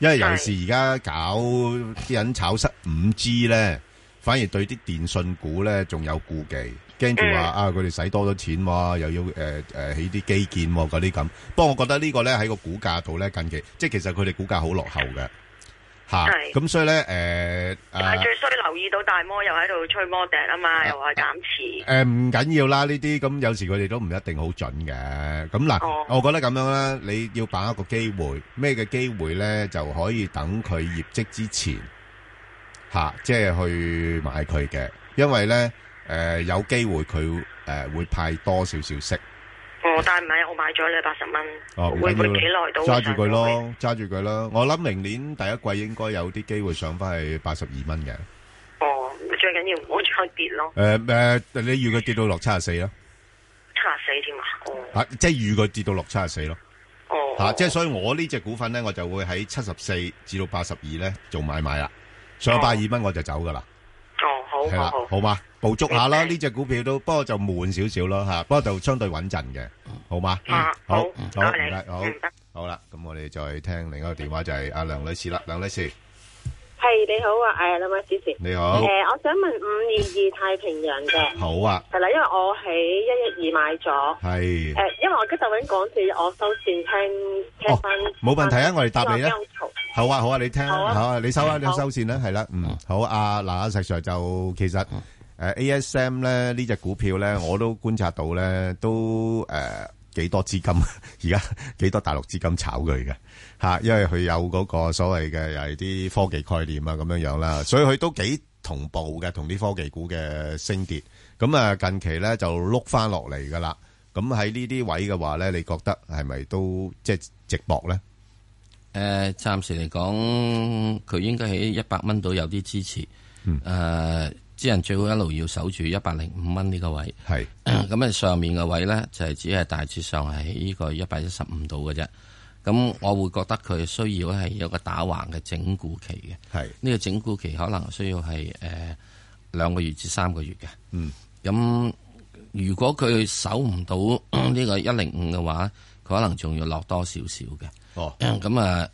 [SPEAKER 3] 因為尤其是，而家搞啲人炒失五 G 咧，的反而對啲電信股咧仲有顧忌。跟住話啊！佢哋使多咗錢，又要誒誒、呃呃、起啲基建嗰啲咁。不過我覺得個呢個咧喺個股價度咧近期，即係其實佢哋股價好落後嘅吓。咁、啊是啊、所以咧誒，係、呃、最衰、呃呃、留
[SPEAKER 1] 意到大摩又喺度吹摩笛啊嘛，
[SPEAKER 4] 又話減
[SPEAKER 3] 持。誒唔緊要啦，呢啲咁有時佢哋都唔一定好準嘅。咁、啊、嗱，哦、我覺得咁樣咧，你要把握個機會咩嘅機會咧，就可以等佢業績之前吓、啊，即係去買佢嘅，因為咧。誒、呃，有機會佢誒、呃、會派多少少息？
[SPEAKER 1] 我、哦、但係
[SPEAKER 4] 唔係，我買咗你八十蚊，哦、會唔會幾耐都揸住佢咯？
[SPEAKER 3] 揸住佢咯，咯，我諗明年第一季應該有啲機會上翻去八十二蚊嘅。哦，最緊要唔好再跌咯。誒誒、呃呃，你預佢跌到落七十四咯？
[SPEAKER 4] 七
[SPEAKER 3] 十四添啊？即係預佢跌到落七十四咯？哦，吓、啊，即係所以我呢隻股份咧，我就會喺七十四至到八十二咧做買賣啦。上咗八二蚊我就走噶啦。嗯嗯係啊，好嘛，捕捉下啦，呢隻股票都，不過就悶少少咯吓，不過就相對穩陣嘅，好嘛，好，好啦，好，好啦，咁我哋再聽另一個電話就係阿梁女士啦，梁女士。
[SPEAKER 1] 係你好啊，誒，兩位主持。你好。誒，我想問五二二太平
[SPEAKER 3] 洋嘅。好啊。係
[SPEAKER 1] 啦，因為我喺一一二買咗。
[SPEAKER 3] 係。
[SPEAKER 1] 誒，因為我跟達偉講
[SPEAKER 4] 住，我收線聽，聽翻。冇問題啊，我哋答你
[SPEAKER 3] 啊。好啊，好啊，你聽啊，你收啊，你收線啦，係啦，嗯，好啊，嗱嗱實上就其實誒，A S M 咧呢隻股票咧，我都觀察到咧，都誒。幾多資金？而家幾多大陸資金炒佢嘅吓？因為佢有嗰個所謂嘅又係啲科技概念啊，咁樣樣啦，所以佢都幾同步嘅，同啲科技股嘅升跌。咁啊，近期咧就碌翻落嚟噶啦。咁喺呢啲位嘅話咧，你覺得係咪都即係直落咧？誒，暫時嚟講，
[SPEAKER 2] 佢應該喺一百蚊度有啲支持。嗯。誒。之人最好一路要守住一百零五蚊呢個位，係咁啊！上面嘅位呢，就係只係大致上係呢個一百一十五度嘅啫。咁我會覺得佢需要係有個打橫嘅整固期嘅，係呢個整固期可能需要係誒兩個月至三個月嘅。嗯，咁如果佢守唔到呢個一零五嘅話，佢可能仲要落多少少嘅。哦，咁啊，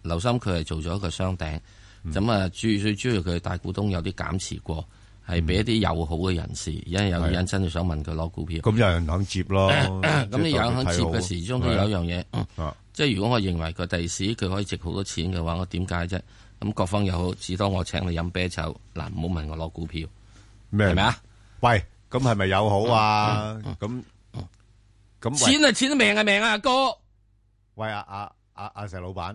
[SPEAKER 2] 留心佢係做咗一個雙頂，咁啊、嗯，最最、嗯、主要佢大股東有啲減持過。係俾一啲友好嘅人士，因為有人真係想問佢攞股票。咁有
[SPEAKER 3] 人肯接咯。咁你有人肯接嘅時中，都有一
[SPEAKER 2] 樣嘢，嗯、即係如果我認為佢第時佢可以值好多錢嘅話，我點解啫？咁各方友好，只當我請你飲啤酒。嗱，唔好問我攞股票，
[SPEAKER 4] 咩？係咪啊？
[SPEAKER 3] 喂，咁係咪友好啊？咁咁、嗯。嗯嗯嗯嗯、錢
[SPEAKER 2] 啊錢命，命啊命啊哥！
[SPEAKER 3] 喂啊。阿。阿阿石老闆，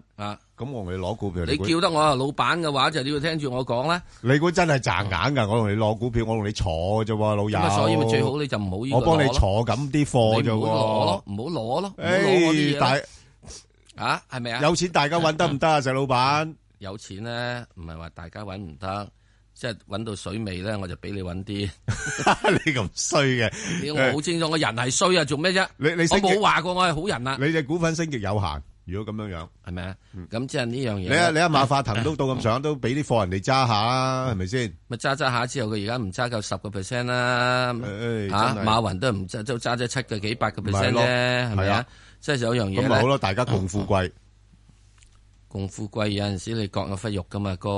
[SPEAKER 3] 咁我咪攞股票。你叫得
[SPEAKER 2] 我啊，老闆嘅話就你要聽住我講啦。
[SPEAKER 3] 你估真係賺眼噶我同你攞股票，我同你坐啫喎，老友。咁所以咪最好你就唔好。我幫你坐咁啲貨就。唔好攞咯，唔好攞咯。誒，大啊，係咪啊？有錢大家搵得唔得啊？石老闆，有
[SPEAKER 2] 錢咧，唔係話大家搵唔得，即係搵到水尾咧，我就俾你搵啲。
[SPEAKER 3] 你咁衰嘅，你好
[SPEAKER 2] 清楚，我人係衰啊，做咩啫？你你我冇話過我係好
[SPEAKER 3] 人啦。你隻股份升極有限。如果咁樣樣，係咪啊？咁即係呢樣嘢。你啊，你阿馬化騰都到咁上，都俾啲貨人哋揸下啦，係咪先？咪揸揸下之後，佢而家唔揸夠十個 percent
[SPEAKER 2] 啦。吓，馬雲都唔揸，都揸咗七個、幾百個 percent 啫，係咪啊？即係有樣嘢。咁咪好咯，大家共富貴。共富貴有陣時你割有忽肉噶嘛，哥。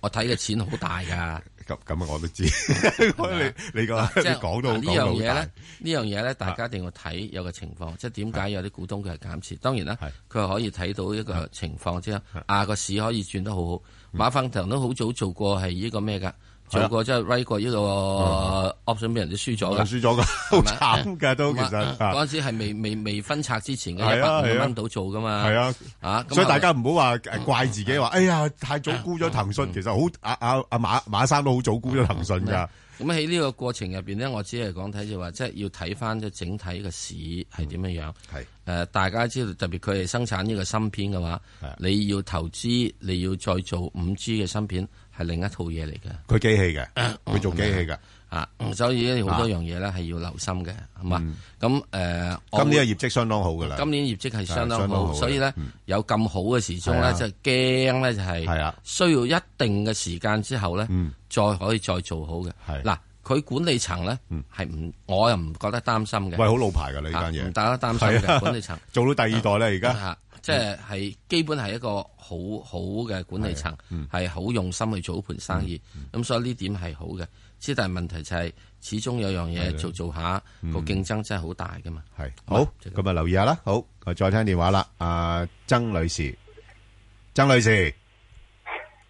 [SPEAKER 2] 我睇嘅錢好大噶。咁咁 [NOISE] 我都知， [LAUGHS] 你、 [LAUGHS]
[SPEAKER 3] 就是、你講，即係講到呢樣嘢咧，
[SPEAKER 2] 呢樣嘢咧，大家一定要睇有個情況，即係點解有啲股東佢係減持？當然啦，佢係是可以睇到一個情況之下。亞是、啊、個市可以轉得好好，馬化騰都好早做過係呢個咩噶？做過即係 write 過呢個 option 俾人哋輸咗嘅，輸咗噶，好慘噶都。其實嗰陣時係未未未分拆之前嘅一百五蚊到做噶嘛。係啊，啊，所以大家
[SPEAKER 3] 唔好話怪自己話，哎呀，太早沽咗騰訊。其實好阿阿阿馬馬生都好早沽咗騰訊噶。
[SPEAKER 2] 咁喺呢個過程入邊咧，我只係講睇就話，即係要睇翻嘅整體個市係點樣樣。係、嗯，誒、呃，大家知道特別佢係生產呢個芯片嘅話，是你要投資，你要再做五 G 嘅芯片，係另一套嘢嚟嘅。
[SPEAKER 3] 佢機器嘅，佢做機器嘅。
[SPEAKER 2] 啊啊，所以咧，好多樣嘢咧係要留心嘅，係嘛？咁誒，今年嘅業績相當好噶啦。今年業績係相當好，所以咧有咁好嘅時鐘咧，就驚咧就係需要一定嘅時間之後咧，再可以再做好嘅。嗱，佢管理層咧係唔，我又唔覺得擔心嘅。喂，好老牌噶啦呢間嘢，唔打得擔心嘅管理層，做到第二代咧而家，即係係基本係一個好好嘅管理層，係好用心去做一盤生意，咁所以呢點係好嘅。之但係問題就係始終有樣嘢做做下個競爭真係好大噶嘛，
[SPEAKER 3] 係好，咁啊留意下啦。好，我再聽電話啦。啊，曾女士，曾女士，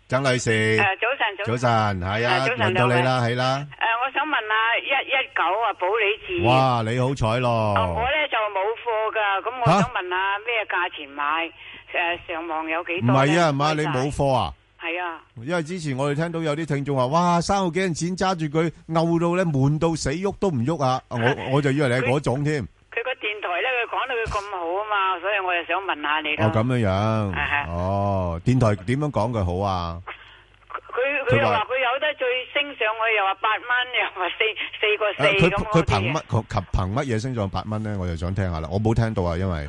[SPEAKER 3] 曾女士。
[SPEAKER 4] 早晨，早晨。係啊，輪到你啦。係啦，誒，
[SPEAKER 1] 我想問下一
[SPEAKER 3] 一九啊，保利置。哇，你好彩咯，我咧就冇貨噶。咁我想問下咩價錢買，
[SPEAKER 4] 誒，上望有幾多？唔係啊嘛，你冇貨
[SPEAKER 3] 啊？係啊，因為之前我哋聽到有啲聽眾話，哇，三個幾人錢揸住佢，漚到咧，悶到死，喐都唔喐啊！我我就以為你係嗰種添。
[SPEAKER 4] 佢 [LAUGHS] 個電台咧，佢講到
[SPEAKER 3] 佢咁好啊嘛，所以我又想問下你。哦，咁樣樣。 [LAUGHS] 哦，電台點樣講佢好啊？佢
[SPEAKER 1] 佢話佢有得最升上去，又話八蚊，又話四四個四。佢佢憑
[SPEAKER 3] 乜？及憑乜嘢升上八蚊咧？我就想聽下啦，我冇聽到啊，因為。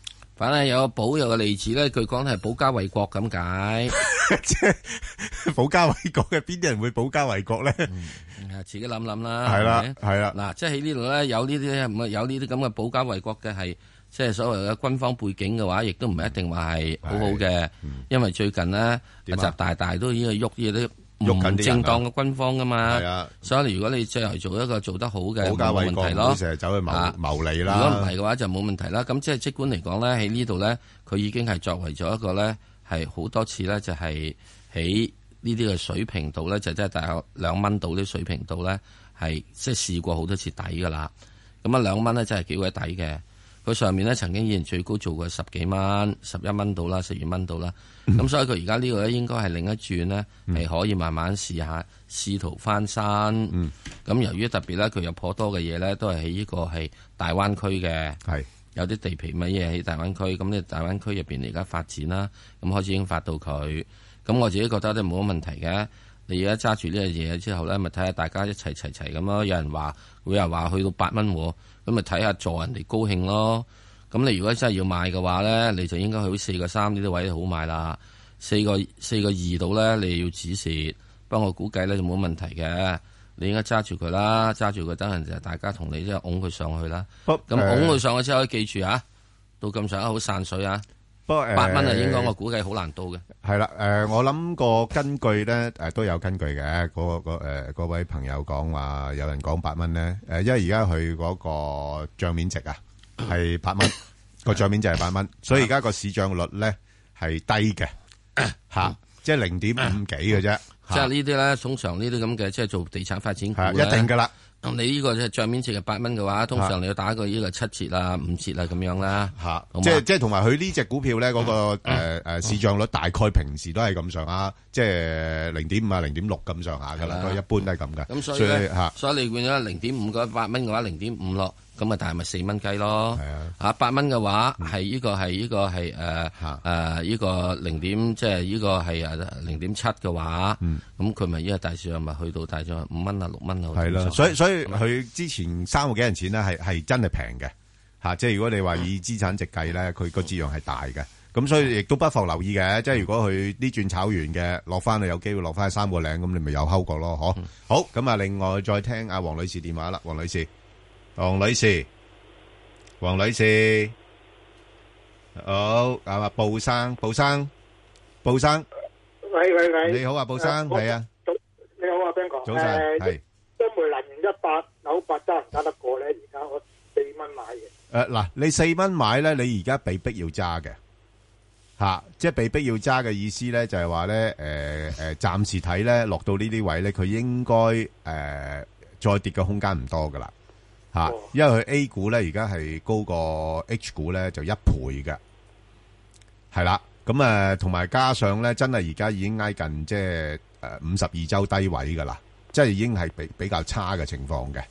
[SPEAKER 2] 反正有個保佑嘅例子咧，佢講係保家衛國咁解，即
[SPEAKER 3] 係保家衛國嘅邊啲人會保家衛國咧？
[SPEAKER 2] 誒，自己諗諗啦。係啦，係啦。嗱，即係喺呢度咧，有呢啲有呢啲咁嘅保家衛國嘅係，即係所謂嘅軍方背景嘅話，亦都唔係一定話係好好嘅，因為最近咧，習大大都已經喐嘢。
[SPEAKER 3] 用緊正當嘅
[SPEAKER 2] 軍方噶嘛，啊、所以如果你再嚟做一個做得好嘅冇家衞國，你成日
[SPEAKER 3] 走去牟牟利啦。如果唔係
[SPEAKER 2] 嘅話，就冇問題啦。咁、啊、即係即管嚟講咧，喺呢度咧，佢已經係作為咗一個咧，係好多次咧，就係喺呢啲嘅水平度咧，就即、是、係大概兩蚊度啲水平度咧，係即係試過好多次底噶啦。咁啊，兩蚊咧真係幾鬼底嘅。.佢上面咧曾經以前最高做過十幾蚊、十一蚊到啦、十二蚊到啦，咁 [LAUGHS] 所以佢而家呢個咧應該係另一轉咧，係 [LAUGHS] 可以慢慢試下試圖翻身。咁 [LAUGHS] 由於特別咧，佢有頗多嘅嘢咧，都係喺呢個係大灣區嘅，有啲地皮乜嘢喺大灣區，咁呢大灣區入邊而家發展啦，咁開始已經發到佢，咁我自己覺得都冇乜問題嘅。你而家揸住呢樣嘢之後咧，咪睇下大家一齊齊齊咁咯。有人話，佢又話去到八蚊喎，咁咪睇下助人哋高興咯。咁你如果真係要買嘅話咧，你就應該去四個三呢啲位好買啦。四個四個二度咧，你要止蝕。不過我估計咧就冇問題嘅。你應該揸住佢啦，揸住佢等陣就大家同你即係拱佢上去啦。
[SPEAKER 3] 咁拱佢
[SPEAKER 2] 上去之後，記住啊，到咁
[SPEAKER 3] 上下好散水啊！不過八蚊啊，應該我估
[SPEAKER 2] 計好難到嘅。
[SPEAKER 3] 係啦，誒，我諗個根據咧，誒都有根據嘅。嗰個個誒，各位朋友講話有人講八蚊咧，誒，因為而家佢嗰個賬面值啊係八蚊，個賬面值係八蚊，所以而家個市賬率咧係低嘅，吓，即係零點五幾嘅啫。即係
[SPEAKER 2] 呢啲咧，通常呢啲咁嘅，即係做地產發展係一定噶啦。咁、嗯、你呢個即係賬面值嘅八蚊嘅話，通常你要打個呢個七折啦、五折啦咁樣啦，吓、嗯嗎，即係
[SPEAKER 3] 即係同埋佢呢隻股票咧，嗰、那個誒誒、嗯呃嗯、市賬率大概平時都係咁上下，即係零點五啊、零點六咁上下噶啦，都係一般都係咁嘅。咁所以吓，
[SPEAKER 2] 所以你變咗零點五個八蚊嘅話，零點五六。咁啊，但係咪四蚊雞咯？係啊，啊八蚊嘅話，係呢、嗯、個係呢個係誒誒呢個零點，即係呢個係誒零點七
[SPEAKER 3] 嘅話，咁佢咪依個大市係咪去到大咗五蚊啊六蚊啊？係啦，所以所以佢之前三個幾銀錢咧，係係真係平嘅吓。即係如果你話以資產值計咧，佢、嗯、個字量係大嘅。咁、嗯、所以亦都不妨留意嘅。即係如果佢呢轉炒完嘅落翻，有機會落翻去三個零，咁你咪有摳過咯，嗬？好，咁啊，另外再聽阿王女士電話啦，王女士。黃女士，黃女士，好啊！嘛，布生，布生，布生，
[SPEAKER 1] 喂喂喂，你好啊，布生，係啊，
[SPEAKER 3] 你
[SPEAKER 1] 好啊，兵哥，早晨係。中煤能源一八
[SPEAKER 4] 九八，揸唔揸得過咧？而家我
[SPEAKER 3] 四蚊買嘅。誒，嗱，你四蚊買咧，你而家被逼要揸嘅吓，即係被逼要揸嘅意思咧，就係話咧，誒誒，暫時睇咧，落到呢啲位咧，佢應該誒再跌嘅空間唔多噶啦。吓、啊，因為佢 A 股，咧而家係高過 H 股咧就一倍嘅，係啦。咁誒，同、呃、埋加上咧，真係而家已經挨近即係誒五十二周低位噶啦，即係已經係比比較差嘅情況嘅，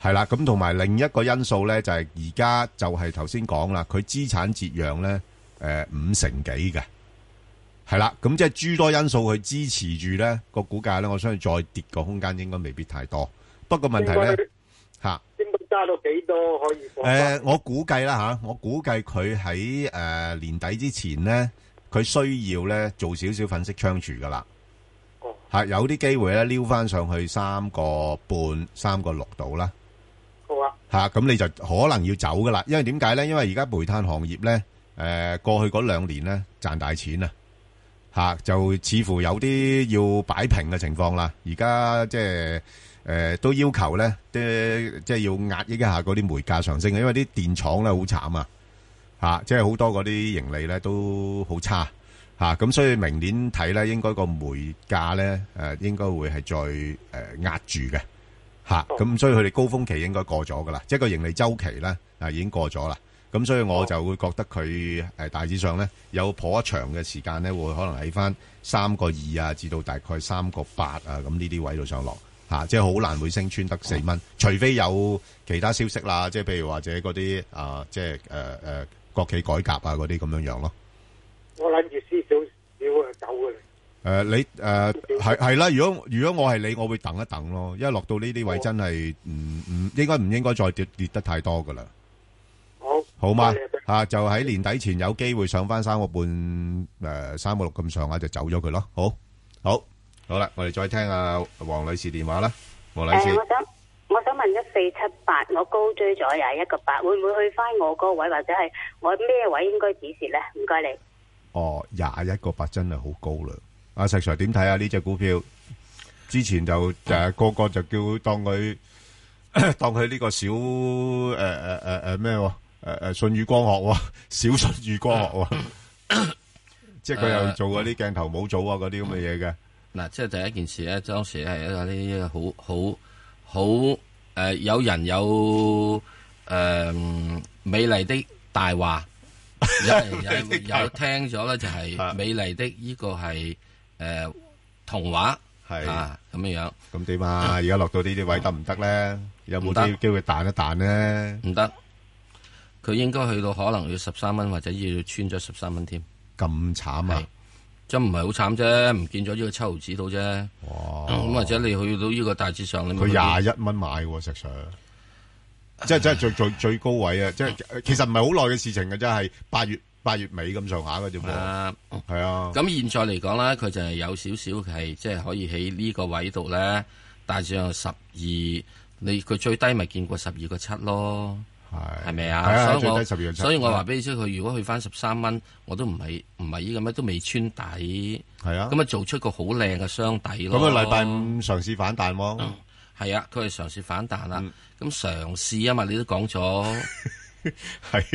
[SPEAKER 3] 係啦。咁同埋另一個因素咧，就係而家就係頭先講啦，佢資產折讓咧誒、呃、五成幾嘅，係啦。咁即係諸多因素去支持住咧、個股價咧，我相信再跌個空間應該未必太多。不過問題咧。加到幾多可以？誒、呃，我估計啦吓，我估計佢喺誒年底之前呢，佢需要呢做少少粉飾櫥窗噶啦。吓、哦啊、有啲機會呢，撩翻上去三個半、三個六度啦。好啊。吓、啊，咁你就可能要走噶啦，因為點解呢？因為而家煤炭行業呢，誒、呃、過去嗰兩年呢，賺大錢啊，吓就似乎有啲要擺平嘅情況啦。而家即係。誒、呃、都要求咧，啲、呃、即係要壓抑一下嗰啲煤價上升嘅，因為啲電廠咧好慘啊，嚇、啊，即係好多嗰啲盈利咧都好差嚇，咁、啊、所以明年睇咧，應該個煤價咧誒應該會係再誒壓、呃、住嘅嚇，咁、啊、所以佢哋高峰期應該過咗噶啦，即係個盈利周期咧啊已經過咗啦，咁所以我就會覺得佢誒、呃、大致上咧有頗長嘅時間咧，會可能喺翻三個二啊，至到大概三個八啊，咁呢啲位度上落。吓，即係好難會升穿得四蚊，除非有其他消息啦，即係譬如或者嗰啲啊，即係誒誒國企改革啊嗰啲咁樣樣咯。
[SPEAKER 1] 我諗住
[SPEAKER 3] 輸少少啊走嘅。誒，你誒係係啦，如果如果我係你，我會等一等咯，因為落到呢啲位真係唔唔應該唔應該再跌跌得太多噶啦。好，好嘛吓，就喺年底前有機會上翻三個半誒，三個六咁上下就走咗佢咯。好，好。好啦，我哋再聽下黃女士電話啦。黃女士，我想我想問一四七八，我高追咗廿一個八，會唔會
[SPEAKER 1] 去翻我嗰位或者係我咩位應該指示咧？
[SPEAKER 3] 唔該你。哦，廿一個八真係好高啦。阿石 sir 點睇啊？呢隻股票之前就誒，個個就叫當佢當佢呢個小誒誒誒誒咩？誒誒信宇光學，小信宇光學，即係佢又做嗰啲鏡頭模組啊，嗰啲咁嘅嘢
[SPEAKER 2] 嘅。嗱，即係第一件事咧，當時係有啲好好好誒，有人有誒、呃、美麗的大、 [LAUGHS] 呃、話，有人有聽咗咧，就係美麗的呢個係誒童話啊咁樣。咁點啊？
[SPEAKER 3] 而家落到行行呢啲位得唔得咧？有冇啲機會彈一彈咧？
[SPEAKER 2] 唔得，佢應該去到可能要十三蚊，或者要穿咗十三蚊添。咁慘啊！真唔係好慘啫，唔見咗呢個七毫紙到啫。
[SPEAKER 3] 哇！咁
[SPEAKER 2] 或者你去到呢個大致上你，你佢廿一
[SPEAKER 3] 蚊買嘅喎，石上即係即係最唉 最最高位啊！即係其實唔係好耐嘅事情嘅，真係八月八月尾咁上下嘅啫。係啊。
[SPEAKER 2] 咁現在嚟講咧，佢就係有少少係即係可以喺呢個位度咧，大致上十二，你佢最低咪見過十二個七咯。係係咪啊？啊所以我所以我話俾你知，佢如果去返十三蚊，我都唔係唔係依咁樣，都未穿底。係啊，咁咪做出個好靚嘅雙底咯。咁啊，禮拜五嘗試反彈喎。係啊，佢係嘗試反彈啦、啊。咁嘗試啊嘛，你都講咗係。 [LAUGHS]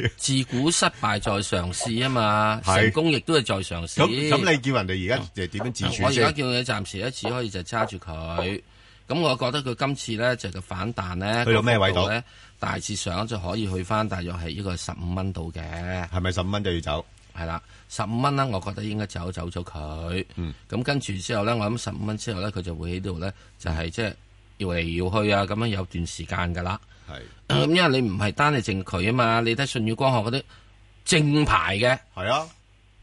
[SPEAKER 2] 啊、自古失敗在嘗試啊嘛， [LAUGHS] 啊成功亦都係在嘗試。咁咁、啊，你
[SPEAKER 3] 叫人哋而家誒點樣自處、嗯？我而家
[SPEAKER 2] 叫你暫時一次可以就揸住佢。咁我覺得佢今次咧就個、係、反彈咧，去到咩位度咧，大致上就可以去翻，大約係呢個十五蚊度嘅。係咪十五蚊就要走？係啦，十五蚊啦，我覺得應該走走咗佢。嗯。咁跟住之後咧，我諗十五蚊之後咧，佢就會喺度咧，就係即係搖嚟搖去啊，咁樣有段時間噶啦。係的。咁、嗯、因為你唔係單係淨佢啊嘛，你睇舜宇光學嗰啲正牌嘅，係啊的，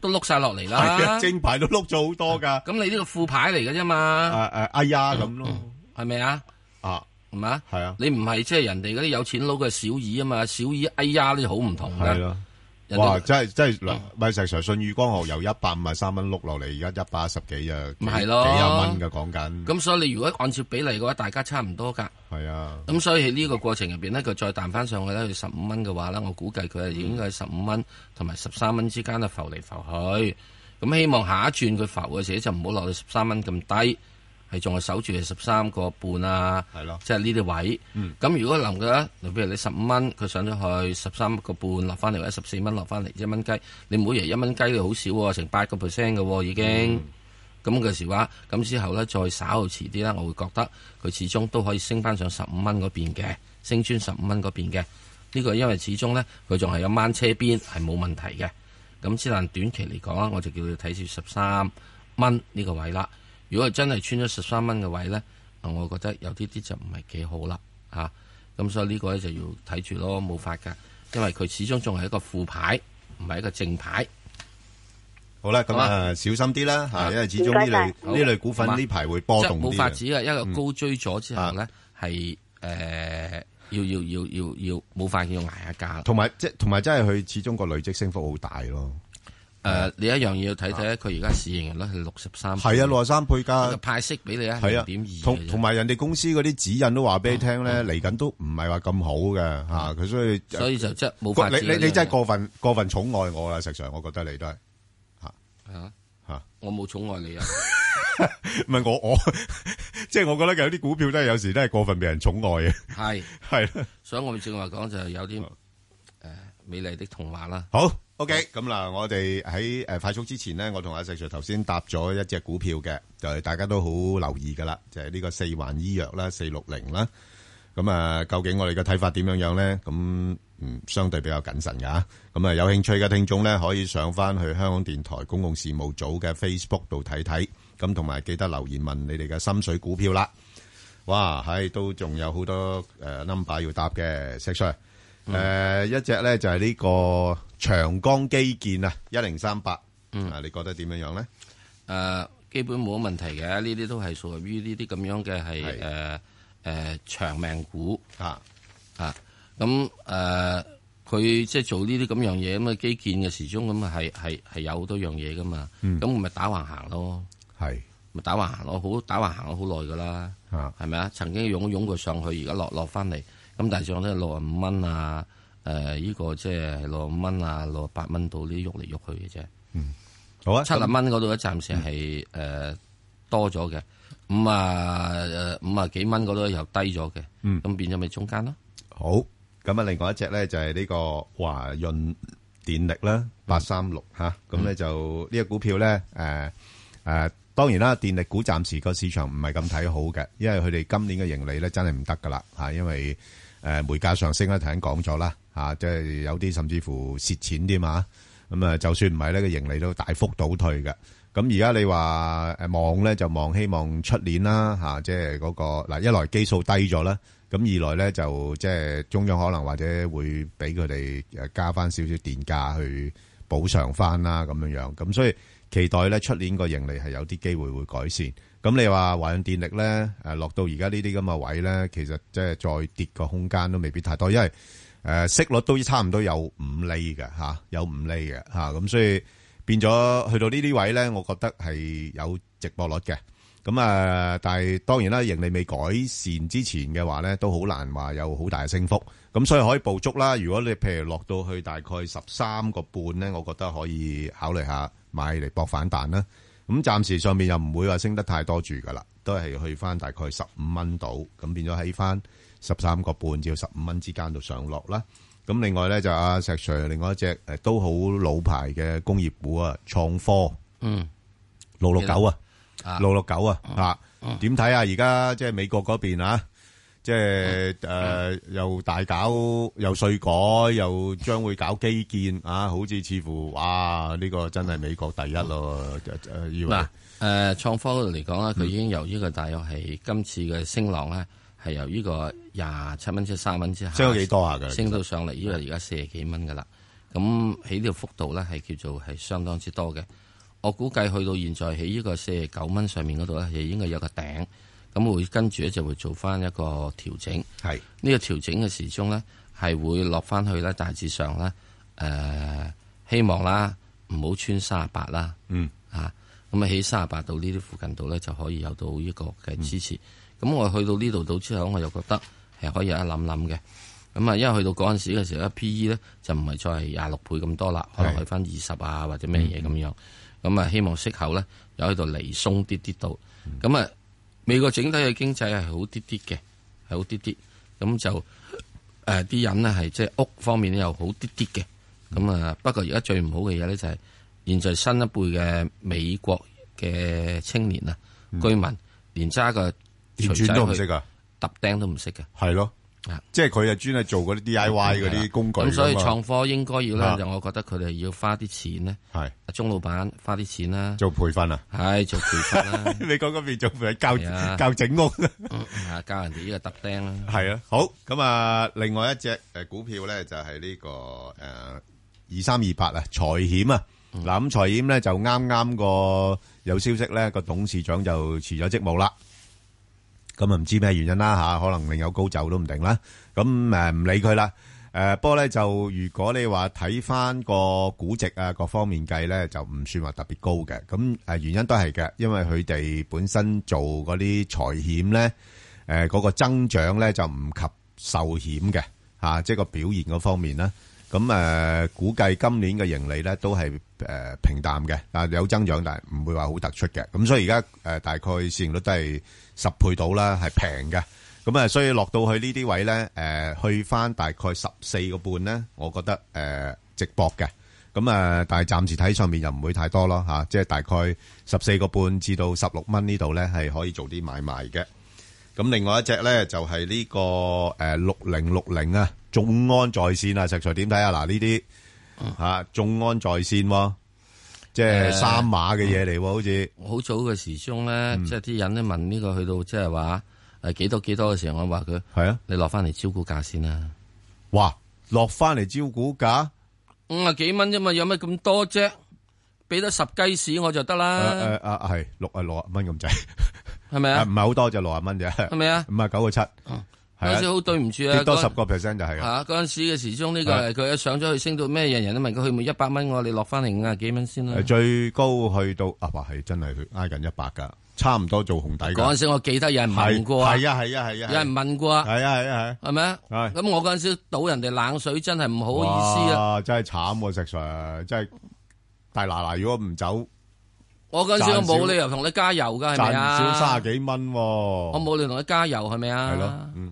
[SPEAKER 2] 都碌晒落嚟啦。係啊，正
[SPEAKER 3] 牌都碌咗好多噶。咁你呢個副
[SPEAKER 2] 牌嚟嘅啫嘛。誒、啊啊、哎呀咁咯。嗯嗯嗯係咪啊？吧啊，係嘛？係啊！你唔係即係人哋嗰啲有錢佬嘅小二啊嘛，小二哎呀啲好唔同噶。係咯、啊，人家哇！
[SPEAKER 3] 真係真係，咪、嗯、石常舜宇光學由一百五十三蚊碌落嚟，而家一百一十幾啊，幾廿蚊噶講緊。
[SPEAKER 2] 咁所以你如果你按照比例嘅話，大家差唔多噶。係啊。咁所以呢個過程入邊咧，佢、嗯、再彈翻上去咧，去十五蚊嘅話咧，我估計佢係應該係十五蚊同埋十三蚊之間啊，浮嚟浮去。咁希望下一轉佢浮嘅時就唔好落到十三蚊咁低。係仲係守住係十三個半啊，係咯的，即係呢啲位。咁、嗯、如果能夠，例如你十五蚊，佢上咗去十三個半，落翻嚟或者十四蚊，落翻嚟一蚊雞，你每日一蚊雞，都好少喎，成八個 percent 嘅喎已經。咁嘅、嗯、時話，咁之後咧再稍後遲啲啦，我會覺得佢始終都可以升翻上十五蚊嗰邊嘅，升穿十五蚊嗰邊嘅。呢、這個因為始終咧，佢仲係一掹車邊係冇問題嘅。咁只能短期嚟講啊，我就叫你睇住十三蚊呢個位啦。如果真係穿咗十三蚊嘅位咧，我覺得有啲啲就唔係幾好啦，嚇！咁所以呢個咧就要睇住咯，冇法噶，因為佢始終仲係一個副牌，唔係一個正牌。好啦，咁啊，小心啲啦，嚇！因為始終呢類呢類股份呢排會波動。冇法子嘅，因為高追咗之後咧，係誒要要要要要冇法要挨下價。
[SPEAKER 3] 同埋即係同埋真係佢始終個累積升幅好大咯。
[SPEAKER 2] 誒，你一樣嘢要睇睇，佢而家市盈率係六十三倍，係啊，六十三倍加派息俾你啊，六
[SPEAKER 3] 點二，同同埋人哋公司嗰啲指引都話俾你聽咧，嚟緊都唔係話咁好嘅吓，佢所以所以就即係冇法子。你你你真係過分過分寵愛我啦，實際上我覺得你都係吓吓吓，我冇寵愛你啊，唔係我我即係我覺得有啲股票真係有時真係過分俾人寵愛嘅，係係，
[SPEAKER 2] 所以我正話講就係有啲誒美麗的童話啦，好。
[SPEAKER 3] OK，咁嗱，我哋喺誒快速之前咧，我同阿石 Sir 頭先搭咗一隻股票嘅，就係大家都好留意噶啦，就係呢個四環醫藥啦，四六零啦。咁啊，究竟我哋嘅睇法點樣樣咧？咁嗯，相對比較謹慎㗎吓。咁啊，有興趣嘅聽眾咧，可以上翻去香港電台公共事務組嘅 Facebook 度睇睇。咁同埋記得留言問你哋嘅心水股票啦。哇，係都仲有好多誒 number 要搭嘅，石 Sir。誒，一隻咧就係呢個長江基建啊，一零三八，啊，你覺得點樣樣咧？誒，基本冇乜問題
[SPEAKER 2] 嘅，呢啲都係屬於呢啲咁樣嘅係誒誒長命股啊啊，咁誒，佢即係做呢啲咁樣嘢，咁啊基建嘅時鐘咁啊係係係有好多樣嘢噶嘛，咁咪打橫行咯，係咪打橫行咯？好打橫行咗好耐噶啦，係咪啊？曾經湧湧過上去，而家落落翻嚟。咁大漲咧六十五蚊啊，誒呢個即係六十五蚊啊，六十八蚊到啲喐嚟喐去嘅啫。嗯，好啊。七十蚊嗰度咧暫時係誒、嗯、多咗嘅，五十誒五十幾蚊嗰度又低咗嘅。咁、嗯、變咗咪中
[SPEAKER 3] 間咯。好。咁啊，另外一隻咧就係呢個華潤電力啦、嗯，八三六嚇。咁咧就呢、呢個股票咧誒誒，當然啦，電力股暫時個市場唔係咁睇好嘅，因為佢哋今年嘅盈利咧真係唔得噶啦嚇，因為誒煤價上升咧，頭先講咗啦，嚇，即係有啲甚至乎蝕錢添啊，咁啊，就算唔係咧，個盈利都大幅倒退嘅。咁而家你話誒望咧，就望希望出年啦，嚇，即係嗰個嗱，一來基數低咗啦，咁二來咧就即係中央可能或者會俾佢哋誒加翻少少電價去補償翻啦，咁樣樣，咁所以。期待咧出年個盈利係有啲機會會改善。咁你話華潤電力咧，誒、呃、落到而家呢啲咁嘅位咧，其實即係再跌個空間都未必太多，因為誒、呃、息率都差唔多有五厘嘅吓、啊，有五厘嘅吓，咁、啊、所以變咗去到呢啲位咧，我覺得係有值博率嘅。咁啊，但係當然啦，盈利未改善之前嘅話咧，都好難話有好大嘅升幅。咁所以可以捕捉啦。如果你譬如落到去大概十三個半咧，我覺得可以考慮下。買嚟搏反彈啦，咁暫時上面又唔會話升得太多住噶啦，都係去翻大概十五蚊到，咁變咗喺翻十三個半至十五蚊之間度上落啦。咁另外咧就阿、啊、石 Sir 另外一隻誒都好老牌嘅工業股啊，創科，嗯，六六九啊，六六九啊，嚇，點睇啊？而家即係美國嗰邊啊？即係誒，又大搞，又稅改，又將會搞基建啊！好似似乎哇，呢、這個真係美國第一咯。嗱，誒，創科度嚟
[SPEAKER 2] 講咧，佢已經由呢個大約係今次嘅升浪咧，係、嗯、由呢個廿七蚊至三蚊之下，升咗幾多啊？升到上嚟，呢、嗯、個而家四十幾蚊噶啦。咁喺呢條幅度咧，係叫做係相當之多嘅。我估計去到現在喺呢個四十九蚊上面嗰度咧，亦應該有個頂。咁會跟住咧就會做翻一個調整，係是呢個調整嘅時鐘咧係會落翻去咧大致上咧誒、呃、希望啦，唔好穿三十八啦，嗯啊，咁啊喺三十八度呢啲附近度咧就可以有到一個嘅支持。咁、嗯、我去到呢度度之後，我就覺得係可以有一諗諗嘅。咁啊，因為去到嗰陣時嘅時候，PE 咧就唔係再係廿六倍咁多啦，是可能去翻二十啊或者咩嘢咁樣。咁啊、嗯，嗯、希望息口咧有喺度離鬆啲啲度，咁啊、嗯。嗯美國整體嘅經濟係好啲啲嘅，係好啲啲，咁就誒啲、呃、人呢，係即係屋方面又好啲啲嘅，咁啊、嗯、不過而家最唔好嘅嘢咧就係，現在新一輩嘅美國嘅青年啊、嗯、居民，連揸個電車都唔識噶，揼釘都唔識噶，係咯。啊！
[SPEAKER 3] 即係佢啊，專係做嗰啲 D I Y 嗰啲工具咁，所以創科應該要咧，就
[SPEAKER 2] 我覺得佢哋要花啲錢咧。係鍾老闆花啲錢啦，做培訓啊，係做培訓啦。
[SPEAKER 3] 美國嗰邊做培訓教教整屋啊，教人哋呢個搭釘啦。係啊，好咁啊！另外一隻誒股票咧就係呢個誒二三二八啊，財險啊。嗱咁財險咧就啱啱個有消息咧，個董事長就辭咗職務啦。咁啊，唔知咩原因啦吓，可能另有高就都唔定啦。咁誒，唔理佢啦。誒，不過咧就如果你話睇翻個估值啊，各方面計咧，就唔算話特別高嘅。咁誒，原因都係嘅，因為佢哋本身做嗰啲財險咧，誒，嗰個增長咧就唔及壽險嘅吓，即係個表現嗰方面啦。咁誒，估計今年嘅盈利咧都係誒平淡嘅，但係有增長，但係唔會話好突出嘅。咁所以而家誒，大概市盈率都係。十倍到啦，係平嘅，咁、嗯、啊，所以落到去呢啲位呢，誒、呃，去返大概十四個半呢，我覺得誒，值、呃、博嘅，咁、嗯、啊，但係暫時睇上面又唔會太多咯吓、啊，即係大概十四個半至到十六蚊呢度呢，係可以做啲買賣嘅。咁、啊、另外一隻呢，就係、是、呢、這個誒六零六零啊，眾安在線啊，石才點睇啊？嗱呢啲吓，眾、啊、安在線喎、啊。即係三碼嘅嘢嚟，好似好、嗯、早嘅時鐘咧，
[SPEAKER 2] 即係啲人咧問呢、這個去到即係話係幾多幾多嘅時候，我話佢係啊，你落翻嚟招股價
[SPEAKER 3] 先啦、啊。哇，落翻嚟招股價
[SPEAKER 2] 五啊幾蚊啫嘛，有咩咁多啫？俾得十雞屎我就得啦。誒
[SPEAKER 3] 啊係六啊六啊蚊咁滯，係咪啊？唔係好多就六啊蚊啫，係咪啊？五啊九個七。 [LAUGHS] 嗰陣時好對唔住啊，多十個 percent 就係啊！
[SPEAKER 2] 嗰陣時嘅時鐘呢個係佢一上咗去升到咩？人人都問佢去唔去一百蚊？我你落翻嚟五廿幾蚊先啦。最
[SPEAKER 3] 高去到啊！哇，係真係挨緊一百噶，差唔多做紅底。嗰陣時我記得有人問過啊，係啊係啊係啊，有人
[SPEAKER 2] 問過啊，係啊係啊係，係咩？咁我嗰陣時倒人哋冷水真
[SPEAKER 3] 係唔好意思啊！真係慘，石 Sir 真係大嗱嗱，如果唔走，
[SPEAKER 2] 我嗰陣時冇理由同你加油噶，係咪啊？賺少卅幾蚊，我冇理由同你加油，係咪啊？係咯，